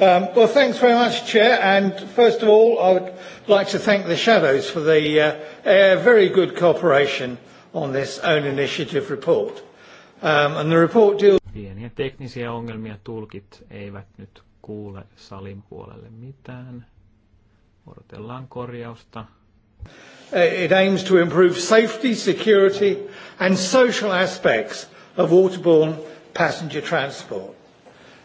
Um, well, thanks very much, Chair. And first of all, I would like to thank the Shadows for the uh, uh, very good cooperation on this own initiative report. Um, and the report deals... Pieniä teknisiä ongelmia tulkit eivät nyt kuule salin puolelle mitään. Odotellaan korjausta. Uh, it aims to improve safety, security and social aspects of waterborne passenger transport.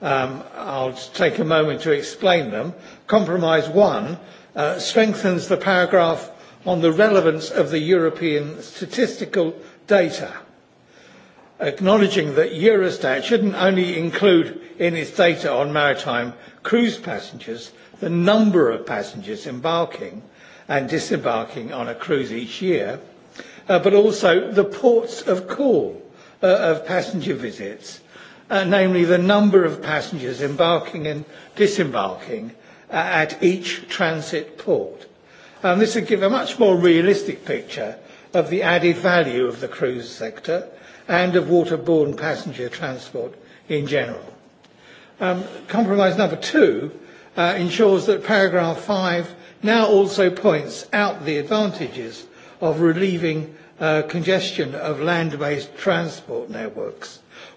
Um, I'll take a moment to explain them. Compromise one uh, strengthens the paragraph on the relevance of the European statistical data, acknowledging that Eurostat shouldn't only include in its data on maritime cruise passengers the number of passengers embarking and disembarking on a cruise each year, uh, but also the ports of call uh, of passenger visits uh, namely the number of passengers embarking and disembarking uh, at each transit port. Um, this would give a much more realistic picture of the added value of the cruise sector and of waterborne passenger transport in general. Um, compromise number two uh, ensures that paragraph five now also points out the advantages of relieving uh, congestion of land-based transport networks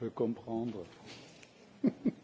peut comprendre.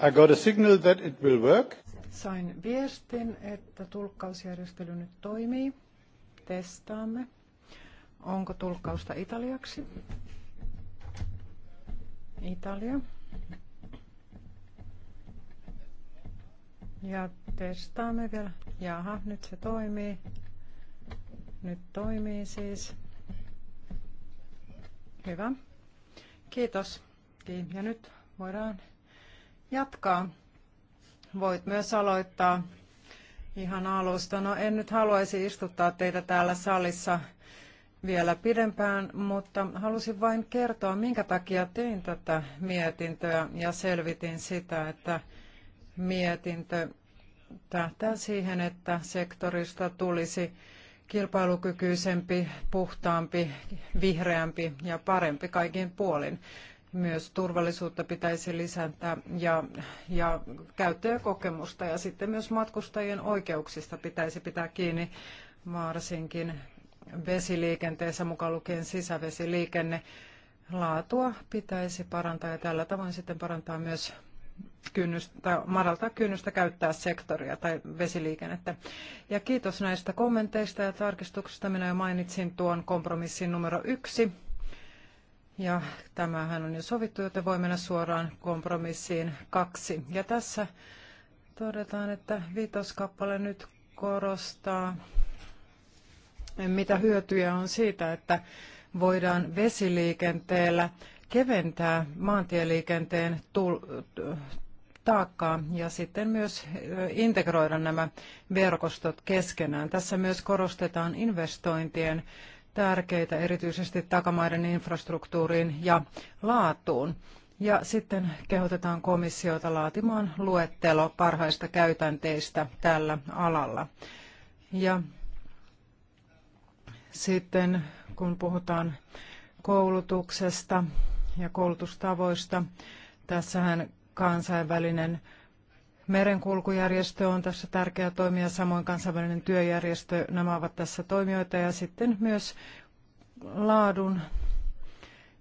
I got a signal that it will work. Sain viestin, että tulkkausjärjestely nyt toimii. Testaamme. Onko tulkkausta italiaksi? Italia. Ja testaamme vielä. Jaha, nyt se toimii. Nyt toimii siis. Hyvä. Kiitos. Ja nyt voidaan jatkaa. Voit myös aloittaa ihan alusta. No en nyt haluaisi istuttaa teitä täällä salissa vielä pidempään, mutta halusin vain kertoa, minkä takia tein tätä mietintöä ja selvitin sitä, että mietintö tähtää siihen, että sektorista tulisi kilpailukykyisempi, puhtaampi, vihreämpi ja parempi kaikin puolin myös turvallisuutta pitäisi lisätä ja, ja käyttäjäkokemusta ja sitten myös matkustajien oikeuksista pitäisi pitää kiinni varsinkin vesiliikenteessä mukaan lukien sisävesiliikenne. Laatua pitäisi parantaa ja tällä tavoin sitten parantaa myös kynnystä, madaltaa kynnystä käyttää sektoria tai vesiliikennettä. Ja kiitos näistä kommenteista ja tarkistuksista. Minä jo mainitsin tuon kompromissin numero yksi ja tämähän on jo sovittu, joten voi mennä suoraan kompromissiin kaksi. Ja tässä todetaan, että viitoskappale nyt korostaa, mitä hyötyjä on siitä, että voidaan vesiliikenteellä keventää maantieliikenteen taakkaa ja sitten myös integroida nämä verkostot keskenään. Tässä myös korostetaan investointien tärkeitä erityisesti takamaiden infrastruktuuriin ja laatuun. Ja sitten kehotetaan komissiota laatimaan luettelo parhaista käytänteistä tällä alalla. Ja sitten kun puhutaan koulutuksesta ja koulutustavoista, tässähän kansainvälinen Merenkulkujärjestö on tässä tärkeä toimija, samoin kansainvälinen työjärjestö, nämä ovat tässä toimijoita ja sitten myös laadun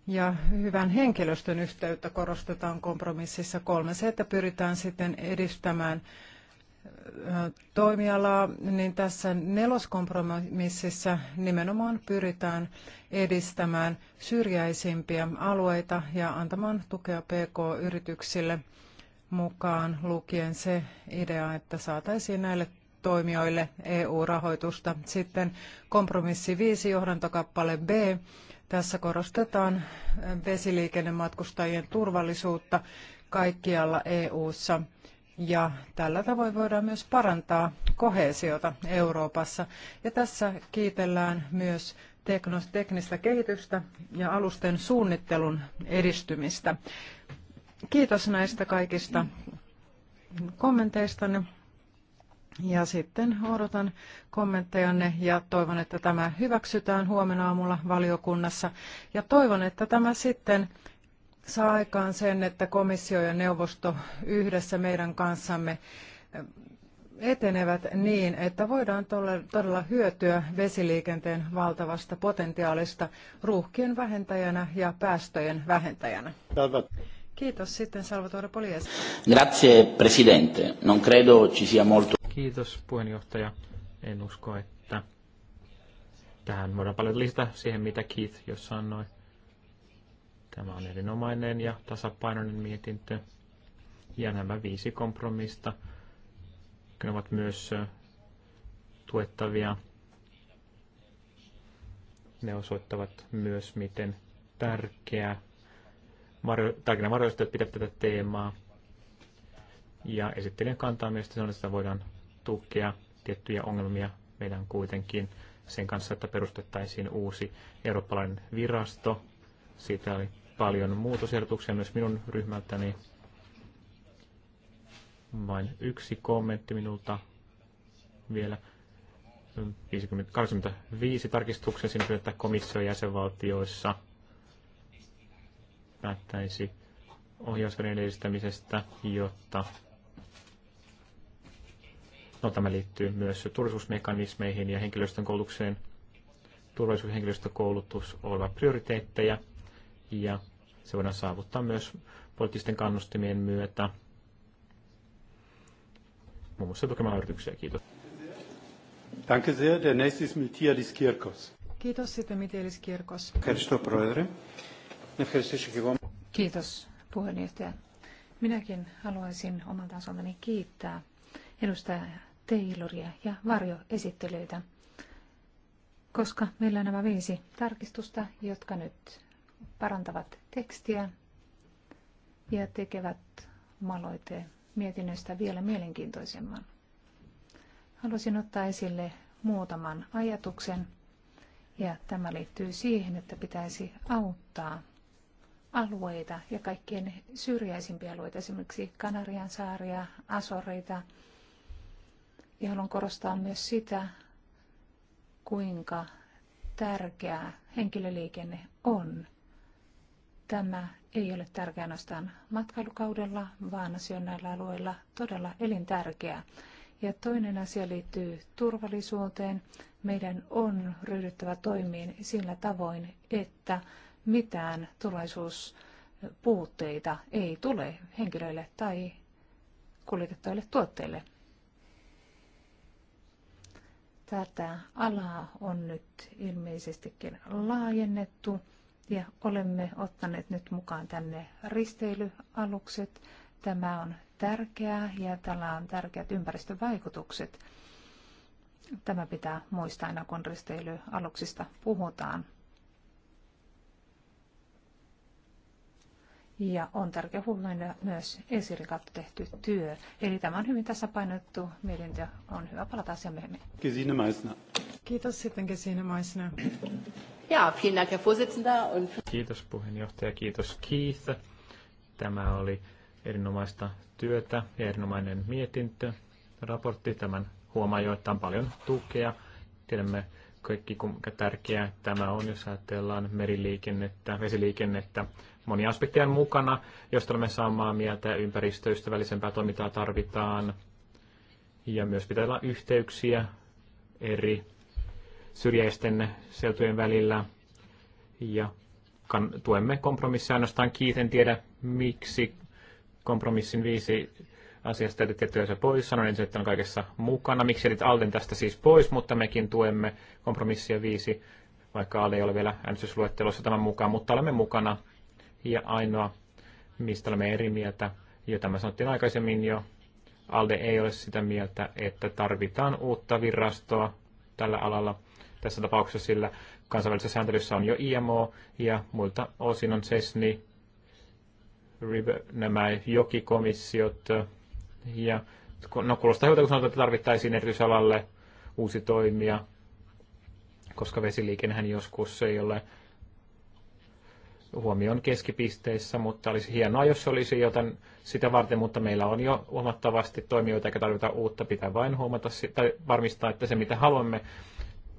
ja hyvän henkilöstön yhteyttä korostetaan kompromississa kolme. Se, että pyritään sitten edistämään toimialaa, niin tässä neloskompromississa nimenomaan pyritään edistämään syrjäisimpiä alueita ja antamaan tukea PK-yrityksille – mukaan lukien se idea, että saataisiin näille toimijoille EU-rahoitusta. Sitten kompromissi 5, johdantokappale B. Tässä korostetaan vesiliikennematkustajien turvallisuutta kaikkialla EU:ssa. Ja tällä tavoin voidaan myös parantaa kohesiota Euroopassa. Ja tässä kiitellään myös teknistä kehitystä ja alusten suunnittelun edistymistä. Kiitos näistä kaikista kommenteistanne. Ja sitten odotan kommenttejanne ja toivon, että tämä hyväksytään huomenna aamulla valiokunnassa. Ja toivon, että tämä sitten saa aikaan sen, että komissio ja neuvosto yhdessä meidän kanssamme eh, etenevät niin, että voidaan todella hyötyä vesiliikenteen valtavasta potentiaalista ruuhkien vähentäjänä ja päästöjen vähentäjänä. Kiitos. Sitten Salvatore Polies. Grazie, presidente. Non credo ci sia molto... Kiitos, puheenjohtaja. En usko, että tähän voidaan paljon lisätä siihen, mitä Keith jo sanoi. Tämä on erinomainen ja tasapainoinen mietintö. Ja nämä viisi kompromista ne ovat myös tuettavia. Ne osoittavat myös, miten tärkeä Mario, tarkina varjoistyöt pitää tätä teemaa. Ja esittelijän kantaa mielestäni on, että voidaan tukea tiettyjä ongelmia meidän kuitenkin sen kanssa, että perustettaisiin uusi eurooppalainen virasto. Siitä oli paljon muutosehdotuksia myös minun ryhmältäni. Vain yksi kommentti minulta vielä. 50, 85 tarkistuksen sinne, että komissio jäsenvaltioissa – päättäisi ohjausvälineen edistämisestä, jotta No, tämä liittyy myös turvallisuusmekanismeihin ja henkilöstön koulutukseen. Turvallisuus- ja henkilöstökoulutus ovat prioriteetteja ja se voidaan saavuttaa myös poliittisten kannustimien myötä. Muun muassa tukemalla yrityksiä. Kiitos. Danke sehr. Der nächste ist Miltiadis Kirkos. Kiitos sitten Miltiadis Kirkos. Kiitos, Kiitos puheenjohtaja. Minäkin haluaisin omalta osaltani kiittää edustaja Tayloria ja varjoesittelyitä, koska meillä on nämä viisi tarkistusta, jotka nyt parantavat tekstiä ja tekevät maloiteen mietinnöstä vielä mielenkiintoisemman. Haluaisin ottaa esille muutaman ajatuksen, ja tämä liittyy siihen, että pitäisi auttaa alueita ja kaikkien syrjäisimpiä alueita, esimerkiksi Kanarian saaria, Asoreita. Ja haluan korostaa myös sitä, kuinka tärkeää henkilöliikenne on. Tämä ei ole tärkeä ainoastaan matkailukaudella, vaan se on näillä alueilla todella elintärkeää. Ja toinen asia liittyy turvallisuuteen. Meidän on ryhdyttävä toimiin sillä tavoin, että mitään turvallisuuspuutteita ei tule henkilöille tai kuljetettaville tuotteille. Tätä alaa on nyt ilmeisestikin laajennettu ja olemme ottaneet nyt mukaan tänne risteilyalukset. Tämä on tärkeää ja tällä on tärkeät ympäristövaikutukset. Tämä pitää muistaa aina, kun risteilyaluksista puhutaan. Ja on tärkeää huomioida myös esirikat tehty työ. Eli tämä on hyvin tässä painotettu mietintö. On hyvä palata asiaan myöhemmin. Gesine Meissner. Kiitos sitten Gesine Meissner. Ja, vielen Dank, Herr Vorsitzender. Und... Kiitos puheenjohtaja, kiitos Keith. Tämä oli erinomaista työtä ja erinomainen mietintö, raportti. Tämän huomaa jo, että on paljon tukea. Tiedämme, kaikki, kuinka tärkeää tämä on, jos ajatellaan meriliikennettä, vesiliikennettä. Monia aspekteja mukana, josta olemme samaa mieltä, ympäristöystävällisempää toimintaa tarvitaan. Ja myös pitää olla yhteyksiä eri syrjäisten seutujen välillä. Ja tuemme kompromissia ainoastaan kiiten tiedä, miksi kompromissin viisi asiasta jätitte työssä pois. Sanoin ensin, että on kaikessa mukana. Miksi jätit Alden tästä siis pois, mutta mekin tuemme kompromissia viisi, vaikka Alde ei ole vielä äänestysluettelossa tämän mukaan, mutta olemme mukana. Ja ainoa, mistä olemme eri mieltä, jo tämä sanottiin aikaisemmin jo, Alde ei ole sitä mieltä, että tarvitaan uutta virastoa tällä alalla. Tässä tapauksessa sillä kansainvälisessä sääntelyssä on jo IMO ja muilta osin on CESNI, nämä jokikomissiot, ja no kuulostaa hyvältä, kun sanotaan, että tarvittaisiin erityisalalle uusi toimija, koska vesiliikennehän joskus ei ole huomioon keskipisteissä, mutta olisi hienoa, jos olisi jotain sitä varten, mutta meillä on jo huomattavasti toimijoita, eikä tarvita uutta, pitää vain huomata tai varmistaa, että se mitä haluamme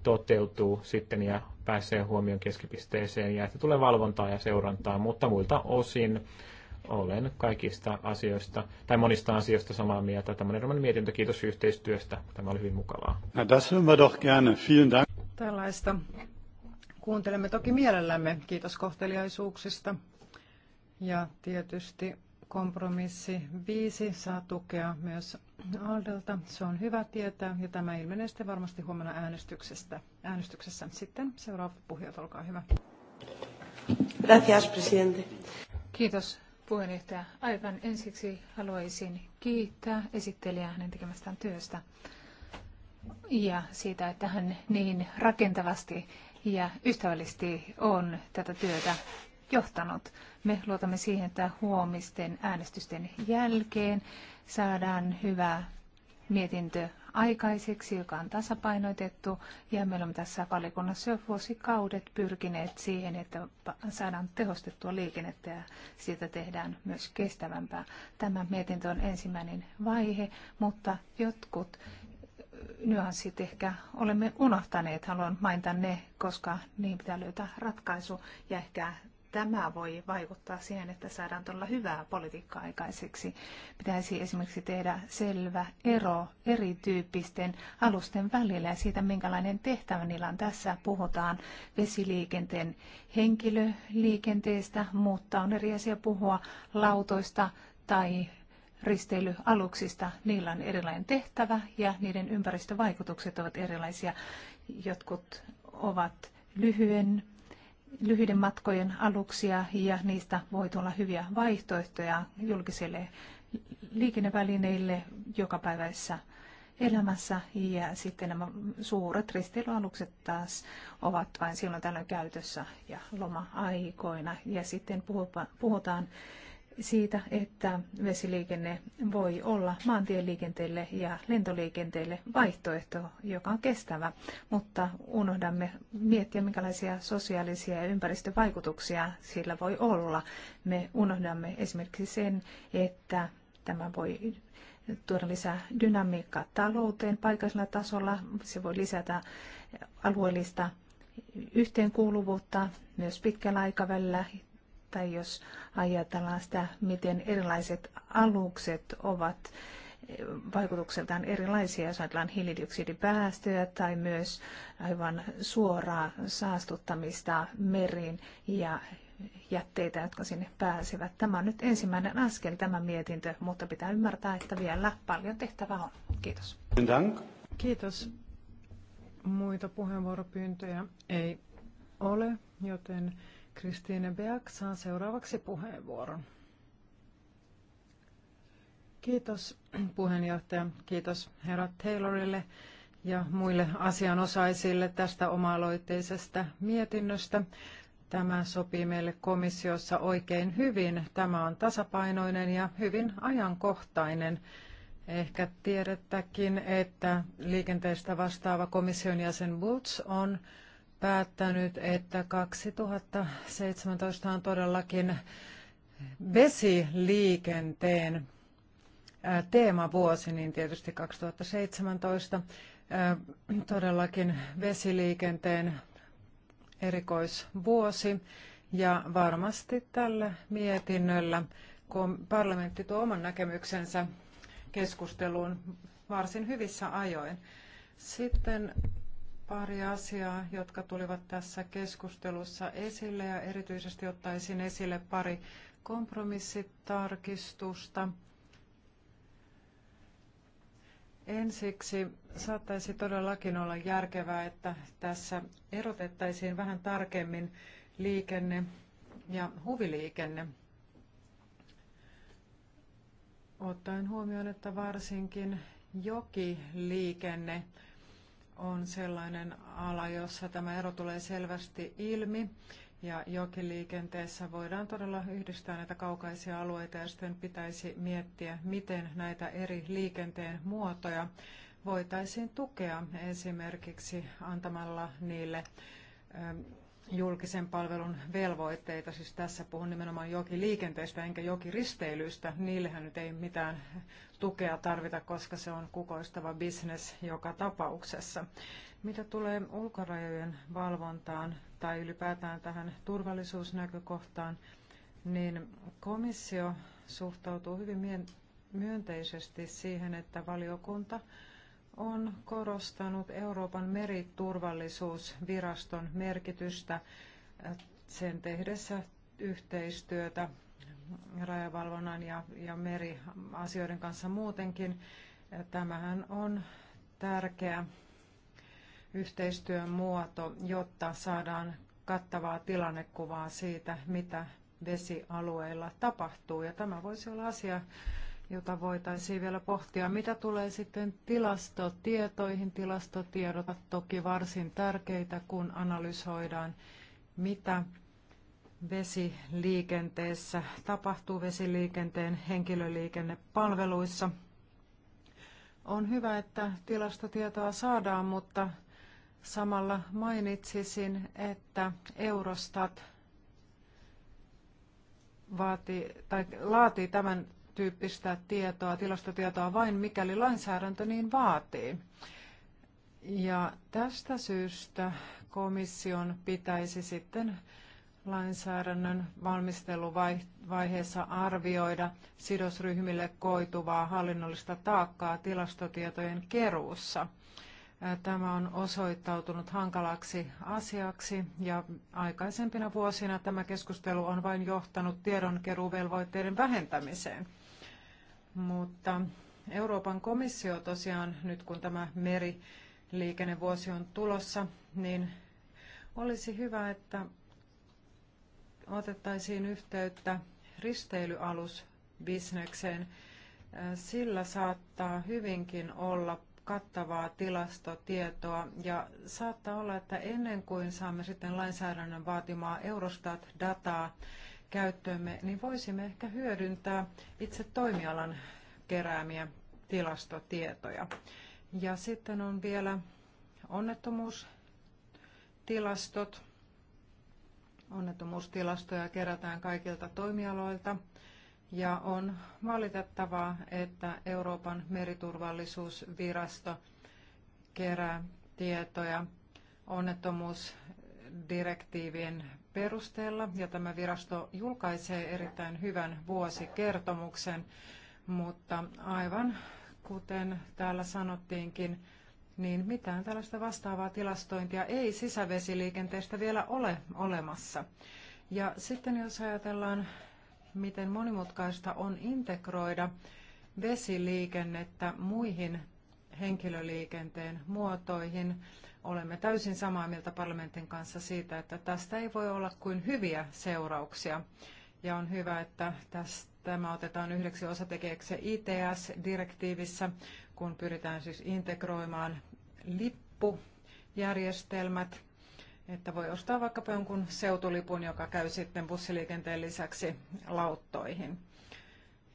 toteutuu sitten ja pääsee huomioon keskipisteeseen ja että tulee valvontaa ja seurantaa, mutta muilta osin olen kaikista asioista tai monista asioista samaa mieltä. Tämä on erilainen mietintö. Kiitos yhteistyöstä. Tämä oli hyvin mukavaa. Das doch gerne. Vielen Dank. Tällaista kuuntelemme toki mielellämme. Kiitos kohteliaisuuksista. Ja tietysti kompromissi 5 saa tukea myös Aldelta. Se on hyvä tietää ja tämä ilmenee sitten varmasti huomenna äänestyksestä. äänestyksessä. Sitten seuraava puhujat, olkaa hyvä. Gracias, presidente. Kiitos puheenjohtaja. Aivan ensiksi haluaisin kiittää esittelijää hänen tekemästään työstä ja siitä, että hän niin rakentavasti ja ystävällisesti on tätä työtä johtanut. Me luotamme siihen, että huomisten äänestysten jälkeen saadaan hyvä mietintö aikaiseksi, joka on tasapainotettu. Ja meillä on tässä valikunnassa jo vuosikaudet pyrkineet siihen, että saadaan tehostettua liikennettä ja siitä tehdään myös kestävämpää. Tämä mietintö on ensimmäinen vaihe, mutta jotkut nyanssit ehkä olemme unohtaneet. Haluan mainita ne, koska niin pitää löytää ratkaisu ja ehkä tämä voi vaikuttaa siihen, että saadaan todella hyvää politiikkaa aikaiseksi. Pitäisi esimerkiksi tehdä selvä ero erityyppisten alusten välillä ja siitä, minkälainen tehtävä niillä on. Tässä puhutaan vesiliikenteen henkilöliikenteestä, mutta on eri asia puhua lautoista tai risteilyaluksista. Niillä on erilainen tehtävä ja niiden ympäristövaikutukset ovat erilaisia. Jotkut ovat lyhyen lyhyiden matkojen aluksia ja niistä voi tulla hyviä vaihtoehtoja julkisille liikennevälineille jokapäiväisessä elämässä ja sitten nämä suuret risteilyalukset taas ovat vain silloin tällöin käytössä ja loma-aikoina ja sitten puhutaan siitä, että vesiliikenne voi olla maantieliikenteelle ja lentoliikenteelle vaihtoehto, joka on kestävä, mutta unohdamme miettiä, minkälaisia sosiaalisia ja ympäristövaikutuksia sillä voi olla. Me unohdamme esimerkiksi sen, että tämä voi tuoda lisää dynamiikkaa talouteen paikallisella tasolla, se voi lisätä alueellista yhteenkuuluvuutta myös pitkällä aikavälillä tai jos ajatellaan sitä, miten erilaiset alukset ovat eh, vaikutukseltaan erilaisia, jos ajatellaan hiilidioksidipäästöjä tai myös aivan suoraa saastuttamista meriin ja jätteitä, jotka sinne pääsevät. Tämä on nyt ensimmäinen askel tämä mietintö, mutta pitää ymmärtää, että vielä paljon tehtävää on. Kiitos. Kiitos. Muita puheenvuoropyyntöjä ei ole, joten Kristiine Beak saa seuraavaksi puheenvuoron. Kiitos puheenjohtaja, kiitos herra Taylorille ja muille asianosaisille tästä oma-aloitteisesta mietinnöstä. Tämä sopii meille komissiossa oikein hyvin. Tämä on tasapainoinen ja hyvin ajankohtainen. Ehkä tiedettäkin, että liikenteestä vastaava komission jäsen Bulls on päättänyt, että 2017 on todellakin vesiliikenteen teemavuosi, niin tietysti 2017 todellakin vesiliikenteen erikoisvuosi. Ja varmasti tällä mietinnöllä, kun parlamentti tuo oman näkemyksensä keskusteluun varsin hyvissä ajoin. Sitten pari asiaa, jotka tulivat tässä keskustelussa esille ja erityisesti ottaisin esille pari kompromissitarkistusta. Ensiksi saattaisi todellakin olla järkevää, että tässä erotettaisiin vähän tarkemmin liikenne ja huviliikenne. Ottaen huomioon, että varsinkin jokiliikenne liikenne on sellainen ala, jossa tämä ero tulee selvästi ilmi. Ja jokiliikenteessä voidaan todella yhdistää näitä kaukaisia alueita ja sitten pitäisi miettiä, miten näitä eri liikenteen muotoja voitaisiin tukea esimerkiksi antamalla niille julkisen palvelun velvoitteita. Siis tässä puhun nimenomaan jokiliikenteestä enkä jokiristeilystä. niillehän nyt ei mitään tukea tarvita, koska se on kukoistava bisnes joka tapauksessa. Mitä tulee ulkorajojen valvontaan tai ylipäätään tähän turvallisuusnäkökohtaan, niin komissio suhtautuu hyvin myönteisesti siihen, että valiokunta – on korostanut Euroopan meriturvallisuusviraston merkitystä äh, sen tehdessä yhteistyötä rajavalvonnan ja, ja meriasioiden kanssa muutenkin. Äh, tämähän on tärkeä yhteistyön muoto, jotta saadaan kattavaa tilannekuvaa siitä, mitä vesialueilla tapahtuu. Ja tämä voisi olla asia, Jota voitaisiin vielä pohtia. Mitä tulee sitten tilastotietoihin? Tilastotiedot ovat toki varsin tärkeitä, kun analysoidaan, mitä vesiliikenteessä tapahtuu vesiliikenteen henkilöliikennepalveluissa. On hyvä, että tilastotietoa saadaan, mutta samalla mainitsisin, että Eurostat vaati, tai laatii tämän tyyppistä tietoa, tilastotietoa vain mikäli lainsäädäntö niin vaatii. Ja tästä syystä komission pitäisi sitten lainsäädännön valmisteluvaiheessa arvioida sidosryhmille koituvaa hallinnollista taakkaa tilastotietojen keruussa. Tämä on osoittautunut hankalaksi asiaksi ja aikaisempina vuosina tämä keskustelu on vain johtanut tiedonkeruvelvoitteiden vähentämiseen. Mutta Euroopan komissio tosiaan, nyt kun tämä meriliikennevuosi on tulossa, niin olisi hyvä, että otettaisiin yhteyttä risteilyalusbisnekseen. Sillä saattaa hyvinkin olla kattavaa tilastotietoa ja saattaa olla, että ennen kuin saamme sitten lainsäädännön vaatimaa Eurostat-dataa, käyttöömme, niin voisimme ehkä hyödyntää itse toimialan keräämiä tilastotietoja. Ja sitten on vielä onnettomuustilastot. Onnettomuustilastoja kerätään kaikilta toimialoilta. Ja on valitettavaa, että Euroopan meriturvallisuusvirasto kerää tietoja onnettomuusdirektiivien perusteella ja tämä virasto julkaisee erittäin hyvän vuosikertomuksen, mutta aivan kuten täällä sanottiinkin, niin mitään tällaista vastaavaa tilastointia ei sisävesiliikenteestä vielä ole olemassa. Ja sitten jos ajatellaan, miten monimutkaista on integroida vesiliikennettä muihin henkilöliikenteen muotoihin, Olemme täysin samaa mieltä parlamentin kanssa siitä, että tästä ei voi olla kuin hyviä seurauksia. Ja on hyvä, että tämä otetaan yhdeksi osatekijäksi ITS-direktiivissä, kun pyritään siis integroimaan lippujärjestelmät, että voi ostaa vaikkapa jonkun seutulipun, joka käy sitten bussiliikenteen lisäksi lauttoihin.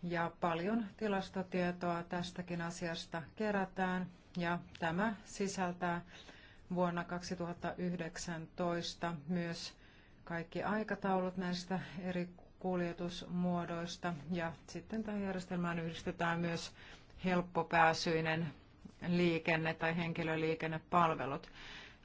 Ja paljon tilastotietoa tästäkin asiasta kerätään ja tämä sisältää vuonna 2019 myös kaikki aikataulut näistä eri kuljetusmuodoista ja sitten tähän järjestelmään yhdistetään myös helppopääsyinen liikenne tai henkilöliikennepalvelut.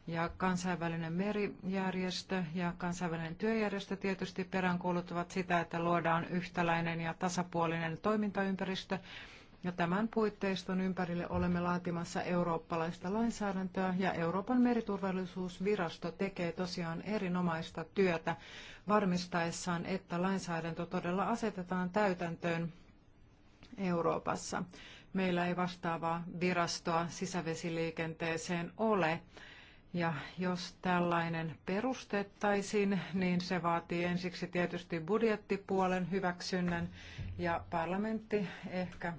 Ja kansainvälinen merijärjestö ja kansainvälinen työjärjestö tietysti peräänkuuluttavat sitä, että luodaan yhtäläinen ja tasapuolinen toimintaympäristö ja tämän puitteiston ympärille olemme laatimassa eurooppalaista lainsäädäntöä ja Euroopan meriturvallisuusvirasto tekee tosiaan erinomaista työtä varmistaessaan, että lainsäädäntö todella asetetaan täytäntöön Euroopassa. Meillä ei vastaavaa virastoa sisävesiliikenteeseen ole. Ja jos tällainen perustettaisiin, niin se vaatii ensiksi tietysti budjettipuolen hyväksynnän ja parlamentti ehkä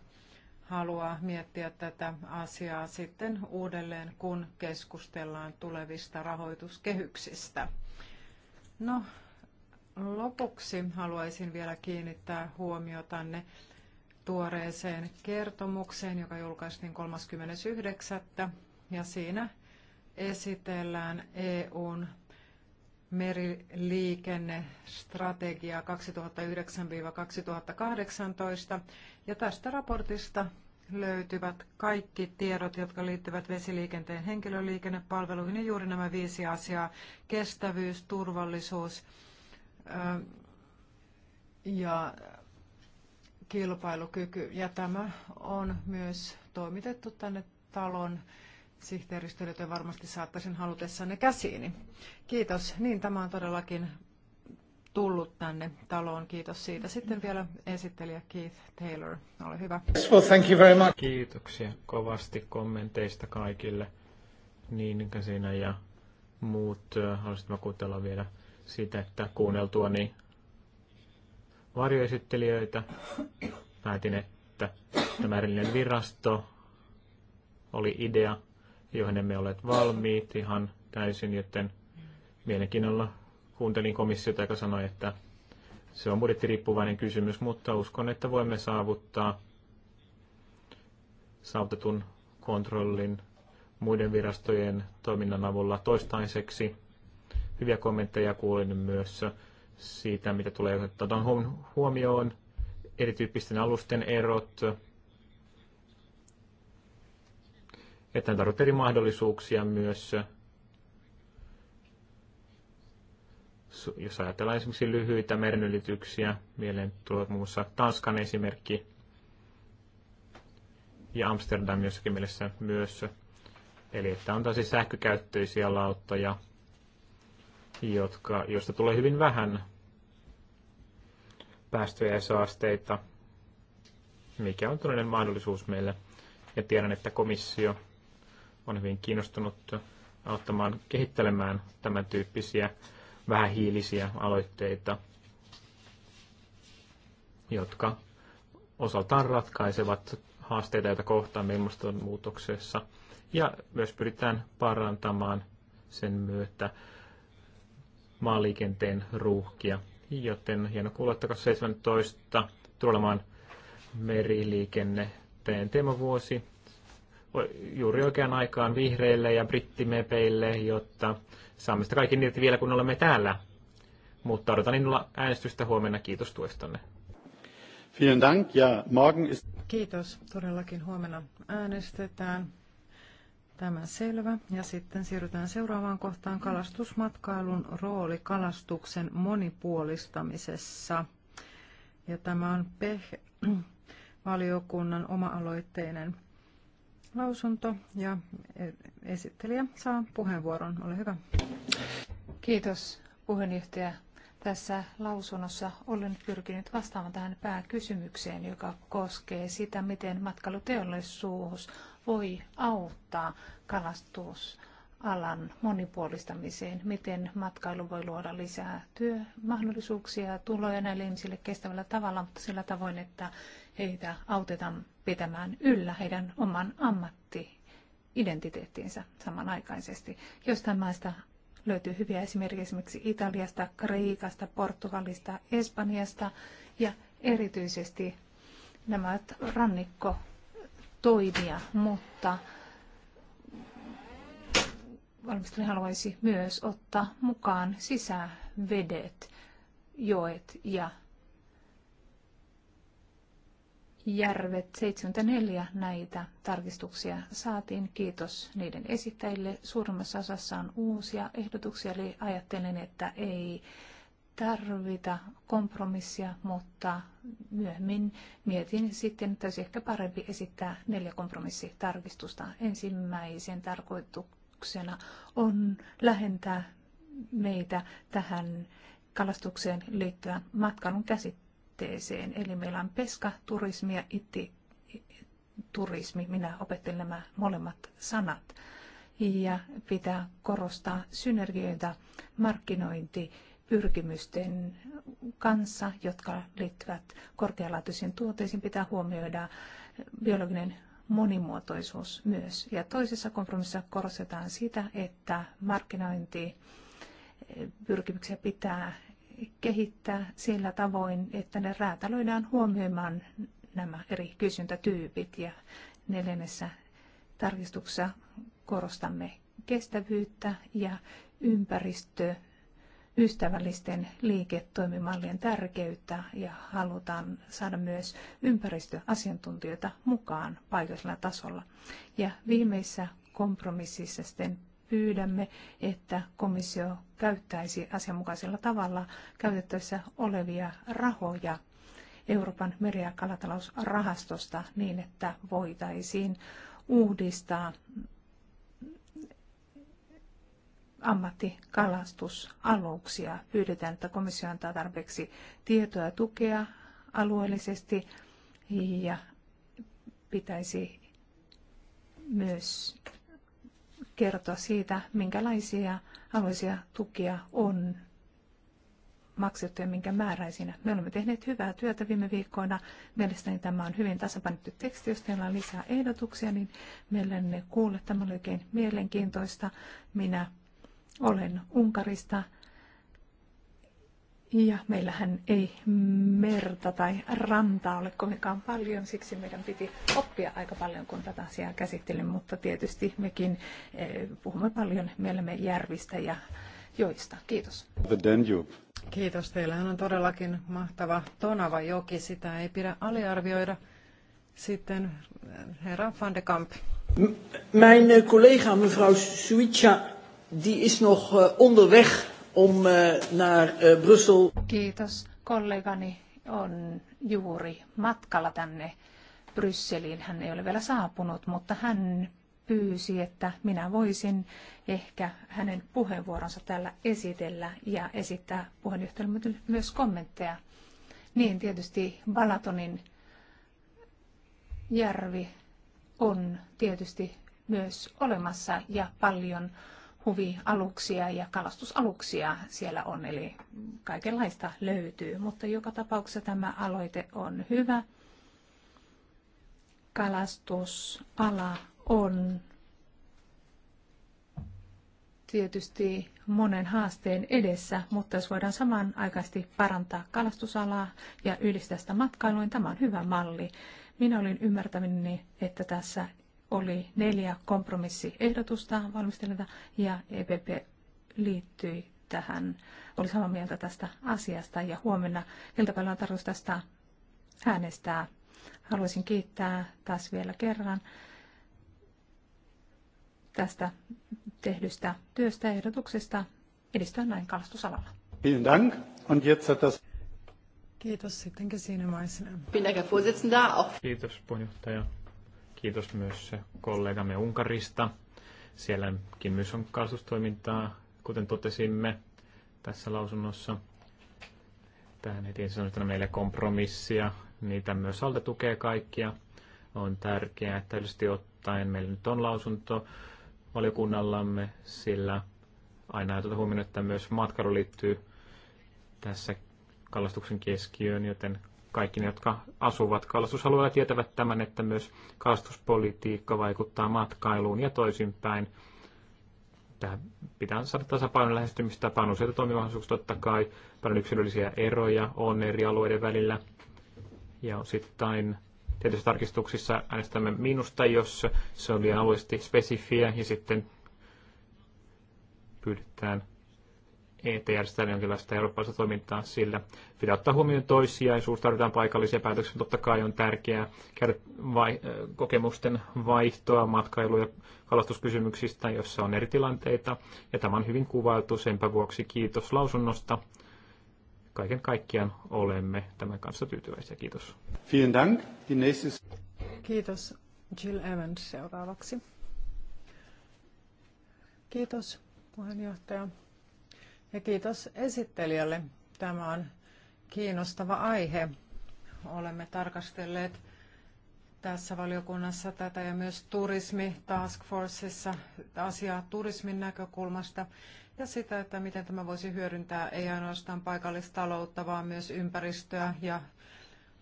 haluaa miettiä tätä asiaa sitten uudelleen, kun keskustellaan tulevista rahoituskehyksistä. No, lopuksi haluaisin vielä kiinnittää huomiotanne tuoreeseen kertomukseen, joka julkaistiin 39. ja siinä esitellään EUn meriliikennestrategia 2009-2018 ja tästä raportista löytyvät kaikki tiedot, jotka liittyvät vesiliikenteen henkilöliikennepalveluihin ja juuri nämä viisi asiaa, kestävyys, turvallisuus ja kilpailukyky. Ja tämä on myös toimitettu tänne talon sihteeristölle, joten varmasti saattaisin halutessanne käsiini. Kiitos. Niin, tämä on todellakin tullut tänne taloon. Kiitos siitä. Sitten vielä esittelijä Keith Taylor. Ole hyvä. Well, thank you very much. Kiitoksia kovasti kommenteista kaikille. Niin siinä ja muut haluaisit vakuutella vielä sitä, että kuunneltua niin varjoesittelijöitä. Päätin, että tämä erillinen virasto oli idea, johon emme olleet valmiit ihan täysin, joten mielenkiinnolla kuuntelin komissiota, joka sanoi, että se on budjettiriippuvainen kysymys, mutta uskon, että voimme saavuttaa saavutetun kontrollin muiden virastojen toiminnan avulla toistaiseksi. Hyviä kommentteja kuulin myös siitä, mitä tulee ottaa huomioon, erityyppisten alusten erot, että tarvitsee eri mahdollisuuksia myös jos ajatellaan esimerkiksi lyhyitä merenylityksiä, mieleen tulee muun muassa Tanskan esimerkki ja Amsterdam jossakin mielessä myös. Eli että on tosi sähkökäyttöisiä lauttoja, jotka, joista tulee hyvin vähän päästöjä ja saasteita, mikä on todellinen mahdollisuus meille. Ja tiedän, että komissio on hyvin kiinnostunut auttamaan kehittelemään tämän tyyppisiä vähähiilisiä aloitteita, jotka osaltaan ratkaisevat haasteita, joita kohtaamme ilmastonmuutoksessa. Ja myös pyritään parantamaan sen myötä maaliikenteen ruuhkia. Joten hieno kuulla, että 2017 tulemaan meriliikenne teemavuosi juuri oikeaan aikaan vihreille ja brittimepeille, jotta Saamme sitä kaikki niitä vielä, kun olemme täällä. Mutta odotan innolla äänestystä huomenna. Kiitos tuestanne. Vielen Dank ja morgen ist... Kiitos. Todellakin huomenna äänestetään. Tämä selvä. Ja sitten siirrytään seuraavaan kohtaan kalastusmatkailun rooli kalastuksen monipuolistamisessa. Ja tämä on PEH-valiokunnan oma-aloitteinen lausunto ja esittelijä saa puheenvuoron. Ole hyvä. Kiitos puheenjohtaja. Tässä lausunnossa olen pyrkinyt vastaamaan tähän pääkysymykseen, joka koskee sitä, miten matkailuteollisuus voi auttaa kalastusalan monipuolistamiseen, miten matkailu voi luoda lisää työmahdollisuuksia ja tuloja näille ihmisille kestävällä tavalla, mutta sillä tavoin, että heitä autetaan pitämään yllä heidän oman ammatti-identiteettiinsä samanaikaisesti. Jostain maista löytyy hyviä esimerkkejä esimerkiksi Italiasta, Kreikasta, Portugalista, Espanjasta ja erityisesti nämä rannikko toimia, mutta valmistelija haluaisi myös ottaa mukaan sisävedet, joet ja Järvet 74 näitä tarkistuksia saatiin. Kiitos niiden esittäjille. Suurimmassa osassa on uusia ehdotuksia, eli ajattelen, että ei tarvita kompromissia, mutta myöhemmin mietin sitten, että olisi ehkä parempi esittää neljä kompromissitarkistusta. Ensimmäisen tarkoituksena on lähentää meitä tähän kalastukseen liittyvän matkailun käsittelyyn liitteeseen. Eli meillä on peska, turismi ja itti turismi. Minä opettelen nämä molemmat sanat. Ja pitää korostaa synergioita markkinointi pyrkimysten kanssa, jotka liittyvät korkealaatuisiin tuotteisiin, pitää huomioida biologinen monimuotoisuus myös. Ja toisessa kompromississa korostetaan sitä, että markkinointi pyrkimyksiä pitää kehittää sillä tavoin, että ne räätälöidään huomioimaan nämä eri kysyntätyypit. Ja neljännessä tarkistuksessa korostamme kestävyyttä ja ympäristö ystävällisten liiketoimimallien tärkeyttä ja halutaan saada myös ympäristöasiantuntijoita mukaan paikallisella tasolla. Ja viimeisessä kompromississa sitten pyydämme, että komissio käyttäisi asianmukaisella tavalla käytettävissä olevia rahoja Euroopan meri- ja kalatalousrahastosta niin, että voitaisiin uudistaa ammattikalastusaluksia. Pyydetään, että komissio antaa tarpeeksi tietoa ja tukea alueellisesti ja pitäisi myös kertoa siitä, minkälaisia alueellisia tukia on maksettu ja minkä määräisinä. Me olemme tehneet hyvää työtä viime viikkoina. Mielestäni tämä on hyvin tasapainottu teksti. Jos teillä on lisää ehdotuksia, niin mielelläni kuulle. Tämä oli oikein mielenkiintoista. Minä olen Unkarista ja meillähän ei merta tai rantaa ole kovinkaan paljon, siksi meidän piti oppia aika paljon, kun tätä asiaa käsittelin, mutta tietysti mekin eh, puhumme paljon mielemme järvistä ja joista. Kiitos. The Danube. Kiitos. Teillähän on todellakin mahtava Tonava joki. Sitä ei pidä aliarvioida. Sitten eh, herra van de Kamp. mijn eh, collega mevrouw Suica, die is nog onderweg om eh, naar eh, Brussel. Kiitos. Kollegani on juuri matkalla tänne Brysseliin. Hän ei ole vielä saapunut, mutta hän pyysi, että minä voisin ehkä hänen puheenvuoronsa täällä esitellä ja esittää puheenjohtajalle myös kommentteja. Niin tietysti Balatonin järvi on tietysti myös olemassa ja paljon huvialuksia ja kalastusaluksia siellä on, eli kaikenlaista löytyy. Mutta joka tapauksessa tämä aloite on hyvä. Kalastusala on tietysti monen haasteen edessä, mutta jos voidaan samanaikaisesti parantaa kalastusalaa ja yhdistää sitä matkailuun, niin tämä on hyvä malli. Minä olin ymmärtäminen, että tässä oli neljä kompromissiehdotusta valmistelijoita ja EPP liittyi tähän, oli samaa mieltä tästä asiasta ja huomenna iltapäivällä on tarkoitus tästä äänestää. Haluaisin kiittää taas vielä kerran tästä tehdystä työstä ja ehdotuksesta edistää näin kalastusalalla. Vielen Dank. Und jetzt hat das... Kiitos sitten käsinemaisena. Kiitos puheenjohtaja. Kiitos myös kollegamme Unkarista. Sielläkin myös on kaasustoimintaa, kuten totesimme tässä lausunnossa. Tähän heti sanotaan meille kompromissia. Niitä myös alta tukee kaikkia. On tärkeää, että yleisesti ottaen meillä nyt on lausunto valiokunnallamme, sillä aina ei huomioon, että myös matkailu liittyy tässä kalastuksen keskiöön, joten kaikki ne, jotka asuvat kalastusalueella, tietävät tämän, että myös kalastuspolitiikka vaikuttaa matkailuun ja toisinpäin. Tähän pitää saada tasapainon lähestymistä On useita toimimahdollisuuksia totta kai. Paljon yksilöllisiä eroja on eri alueiden välillä. Ja sitten tietyissä tarkistuksissa äänestämme minusta, jos se on liian alueellisesti spesifiä ja sitten pyydetään että järjestetään jonkinlaista eurooppalaista toimintaa sillä. Pitää ottaa huomioon toissijaisuus, tarvitaan paikallisia päätöksiä, totta kai on tärkeää käydä vai, äh, kokemusten vaihtoa matkailu- ja kalastuskysymyksistä, joissa on eri tilanteita, ja tämä on hyvin kuvailtu, senpä vuoksi kiitos lausunnosta. Kaiken kaikkiaan olemme tämän kanssa tyytyväisiä. Kiitos. Vielen dank. Kiitos. Jill Evans seuraavaksi. Kiitos puheenjohtaja. Ja kiitos esittelijälle. Tämä on kiinnostava aihe. Olemme tarkastelleet tässä valiokunnassa tätä ja myös turismi Task Forceissa asiaa turismin näkökulmasta ja sitä, että miten tämä voisi hyödyntää ei ainoastaan paikallistaloutta, vaan myös ympäristöä ja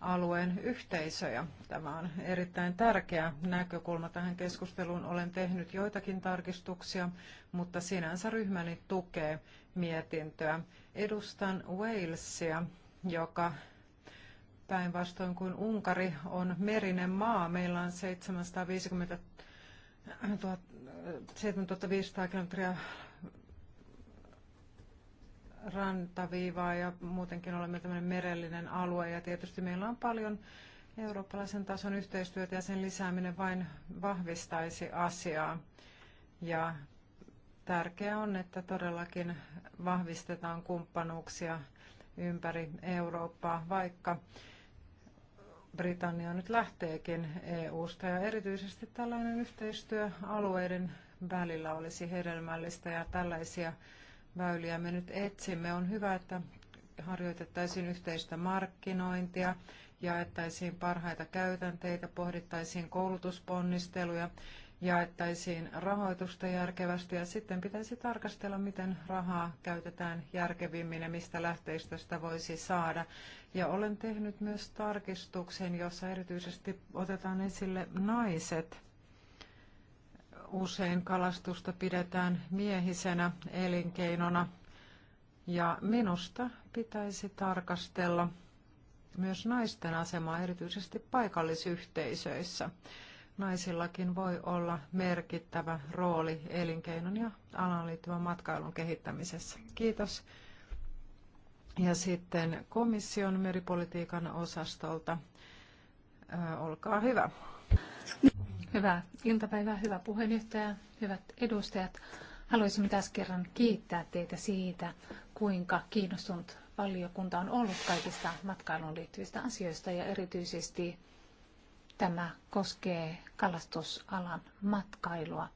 alueen yhteisöjä. Tämä on erittäin tärkeä näkökulma tähän keskusteluun. Olen tehnyt joitakin tarkistuksia, mutta sinänsä ryhmäni tukee mietintöä. Edustan Walesia, joka päinvastoin kuin Unkari on merinen maa. Meillä on 750 000, 7500 kilometriä rantaviivaa ja muutenkin olemme tämmöinen merellinen alue ja tietysti meillä on paljon eurooppalaisen tason yhteistyötä ja sen lisääminen vain vahvistaisi asiaa. Ja tärkeää on, että todellakin vahvistetaan kumppanuuksia ympäri Eurooppaa, vaikka Britannia nyt lähteekin EU-sta ja erityisesti tällainen yhteistyö alueiden välillä olisi hedelmällistä ja tällaisia väyliä me nyt etsimme. On hyvä, että harjoitettaisiin yhteistä markkinointia, jaettaisiin parhaita käytänteitä, pohdittaisiin koulutusponnisteluja, jaettaisiin rahoitusta järkevästi ja sitten pitäisi tarkastella, miten rahaa käytetään järkevimmin ja mistä lähteistä sitä voisi saada. Ja olen tehnyt myös tarkistuksen, jossa erityisesti otetaan esille naiset usein kalastusta pidetään miehisenä elinkeinona ja minusta pitäisi tarkastella myös naisten asemaa erityisesti paikallisyhteisöissä. Naisillakin voi olla merkittävä rooli elinkeinon ja alan liittyvän matkailun kehittämisessä. Kiitos. Ja sitten komission meripolitiikan osastolta. Olkaa hyvä. Hyvää iltapäivää, hyvä puheenjohtaja, hyvät edustajat. Haluaisin taas kerran kiittää teitä siitä, kuinka kiinnostunut valiokunta on ollut kaikista matkailuun liittyvistä asioista ja erityisesti tämä koskee kalastusalan matkailua.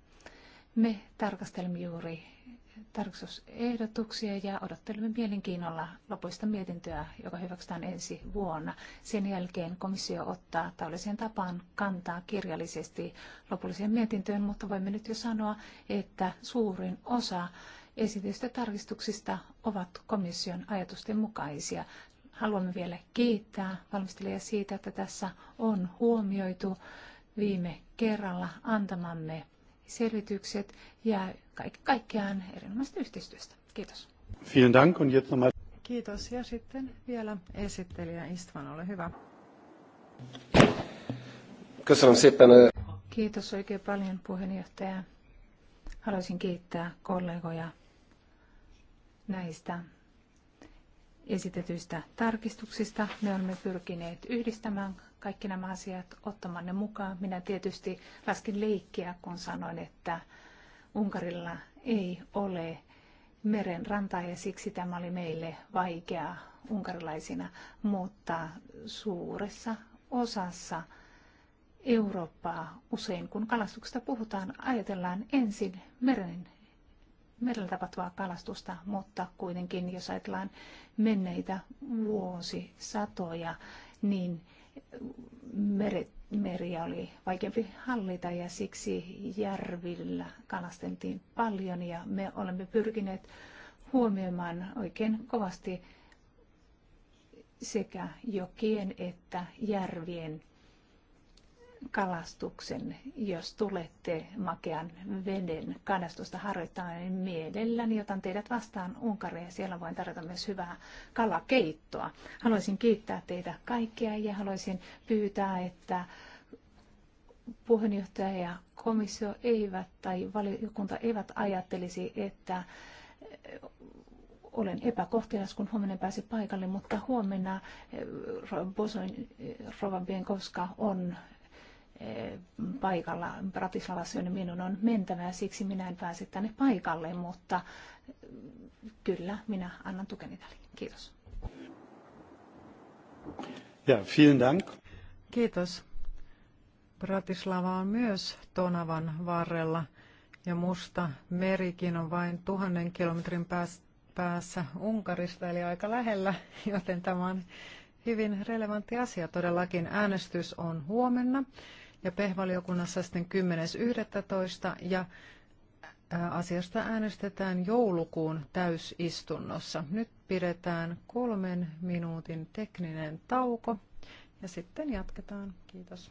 Me tarkastelemme juuri tarkastusehdotuksia ja odottelemme mielenkiinnolla lopuista mietintöä, joka hyväksytään ensi vuonna. Sen jälkeen komissio ottaa tavalliseen tapaan kantaa kirjallisesti lopulliseen mietintöön, mutta voimme nyt jo sanoa, että suurin osa esitystä tarkistuksista ovat komission ajatusten mukaisia. Haluamme vielä kiittää valmistelijaa siitä, että tässä on huomioitu viime kerralla antamamme selvitykset ja kaikki kaikkiaan erinomaisesta yhteistyöstä. Kiitos. Vielen Dank und jetzt nochmal. Kiitos. Ja sitten vielä esittelijä Istvan, ole hyvä. Kiitos oikein paljon puheenjohtaja. Haluaisin kiittää kollegoja näistä esitetyistä tarkistuksista. Me olemme pyrkineet yhdistämään kaikki nämä asiat, ottamaan ne mukaan. Minä tietysti laskin leikkiä, kun sanoin, että Unkarilla ei ole meren rantaa ja siksi tämä oli meille vaikeaa unkarilaisina, mutta suuressa osassa Eurooppaa usein, kun kalastuksesta puhutaan, ajatellaan ensin meren, merellä tapahtuvaa kalastusta, mutta kuitenkin, jos ajatellaan menneitä vuosisatoja, niin meri, meriä oli vaikeampi hallita ja siksi järvillä kalasteltiin paljon ja me olemme pyrkineet huomioimaan oikein kovasti sekä jokien että järvien kalastuksen, jos tulette makean veden kalastusta harjoittamaan, niin mielelläni otan teidät vastaan Unkariin ja siellä voin tarjota myös hyvää kalakeittoa. Haluaisin kiittää teitä kaikkia ja haluaisin pyytää, että puheenjohtaja ja komissio eivät tai valiokunta eivät ajattelisi, että olen epäkohtelias, kun huomenna pääsi paikalle, mutta huomenna eh, Bosoin eh, Rova on paikalla Bratislavassa, jonne minun on mentävä ja siksi minä en pääse tänne paikalle, mutta kyllä minä annan tukeni tälle. Kiitos. Ja, vielen dank. Kiitos. Bratislava on myös Tonavan varrella ja Musta merikin on vain tuhannen kilometrin päässä Unkarista, eli aika lähellä, joten tämä on hyvin relevantti asia todellakin. Äänestys on huomenna ja PEH-valiokunnassa sitten 10.11. ja asiasta äänestetään joulukuun täysistunnossa. Nyt pidetään kolmen minuutin tekninen tauko ja sitten jatketaan. Kiitos.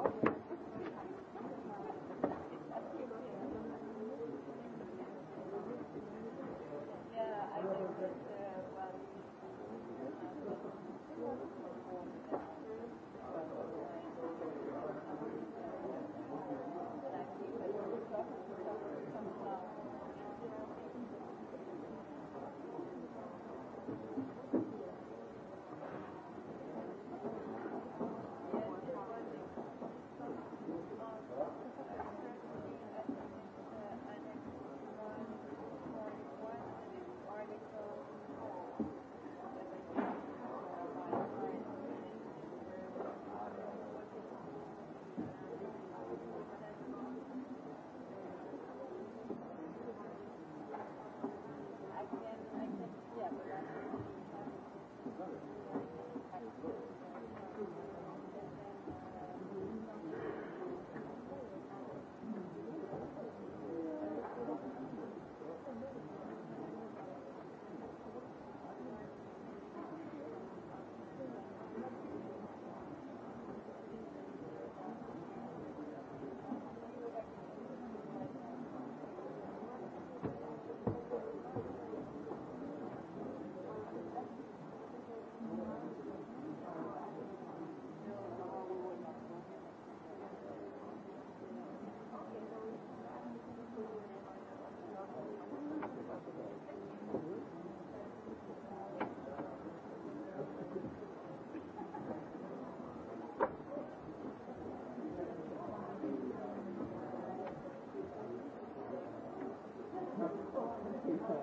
Thank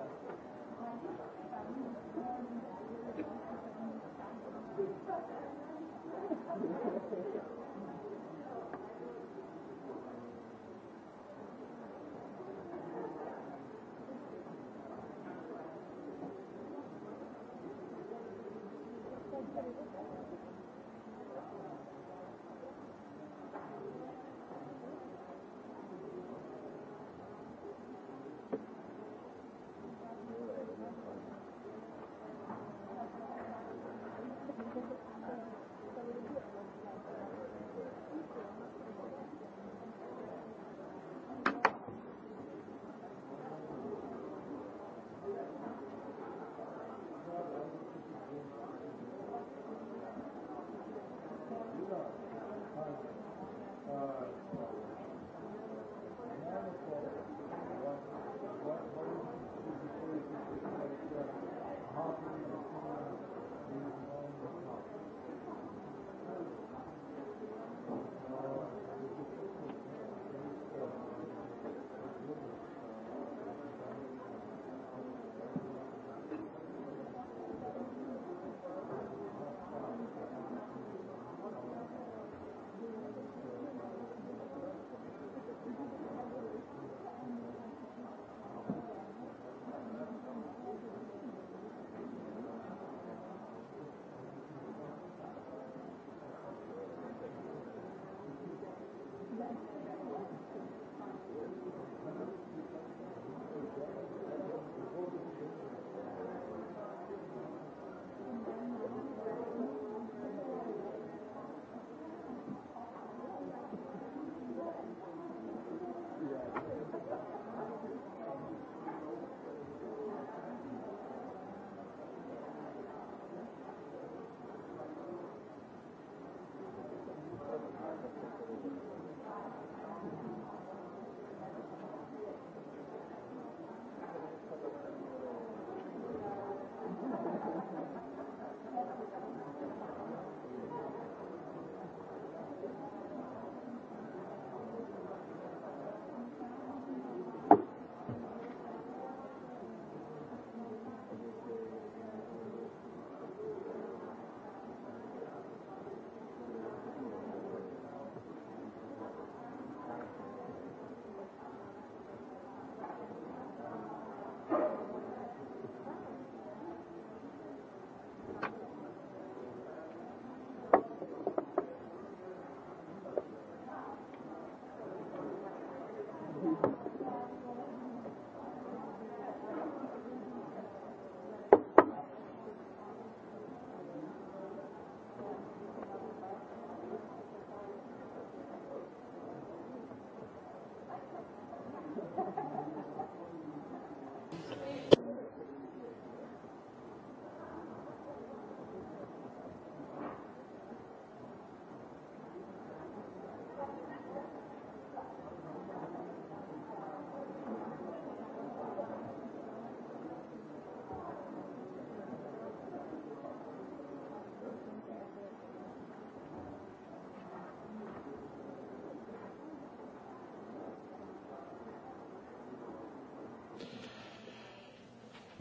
you.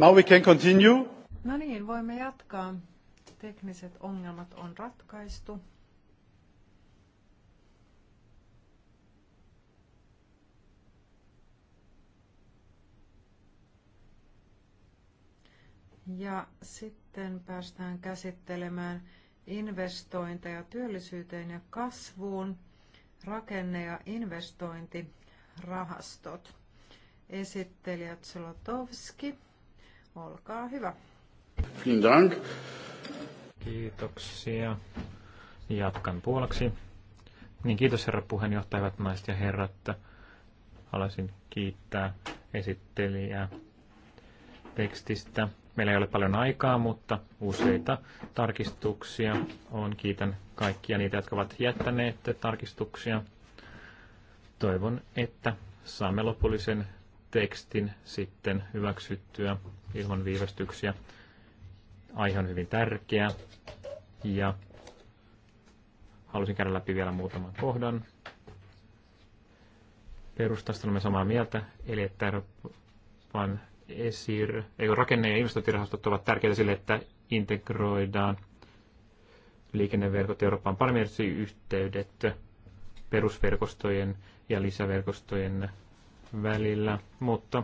Now we can continue. No niin, voimme jatkaa. Tekniset ongelmat on ratkaistu. Ja sitten päästään käsittelemään investointeja työllisyyteen ja kasvuun, rakenne- ja investointirahastot. Esittelijät Solotowski Olkaa hyvä. Dank. Kiitoksia. Jatkan puolaksi. Niin, kiitos herra puheenjohtaja, hyvät naiset ja herrat. Haluaisin kiittää esittelijää tekstistä. Meillä ei ole paljon aikaa, mutta useita tarkistuksia on. Kiitän kaikkia niitä, jotka ovat jättäneet tarkistuksia. Toivon, että saamme lopullisen tekstin sitten hyväksyttyä ilman viivästyksiä. Aihe on hyvin tärkeä ja halusin käydä läpi vielä muutaman kohdan. Perustasta olemme samaa mieltä, eli että vain esir, ei rakenne- ja investointirahastot ovat tärkeitä sille, että integroidaan liikenneverkot Eurooppaan paremmin yhteydet perusverkostojen ja lisäverkostojen välillä, mutta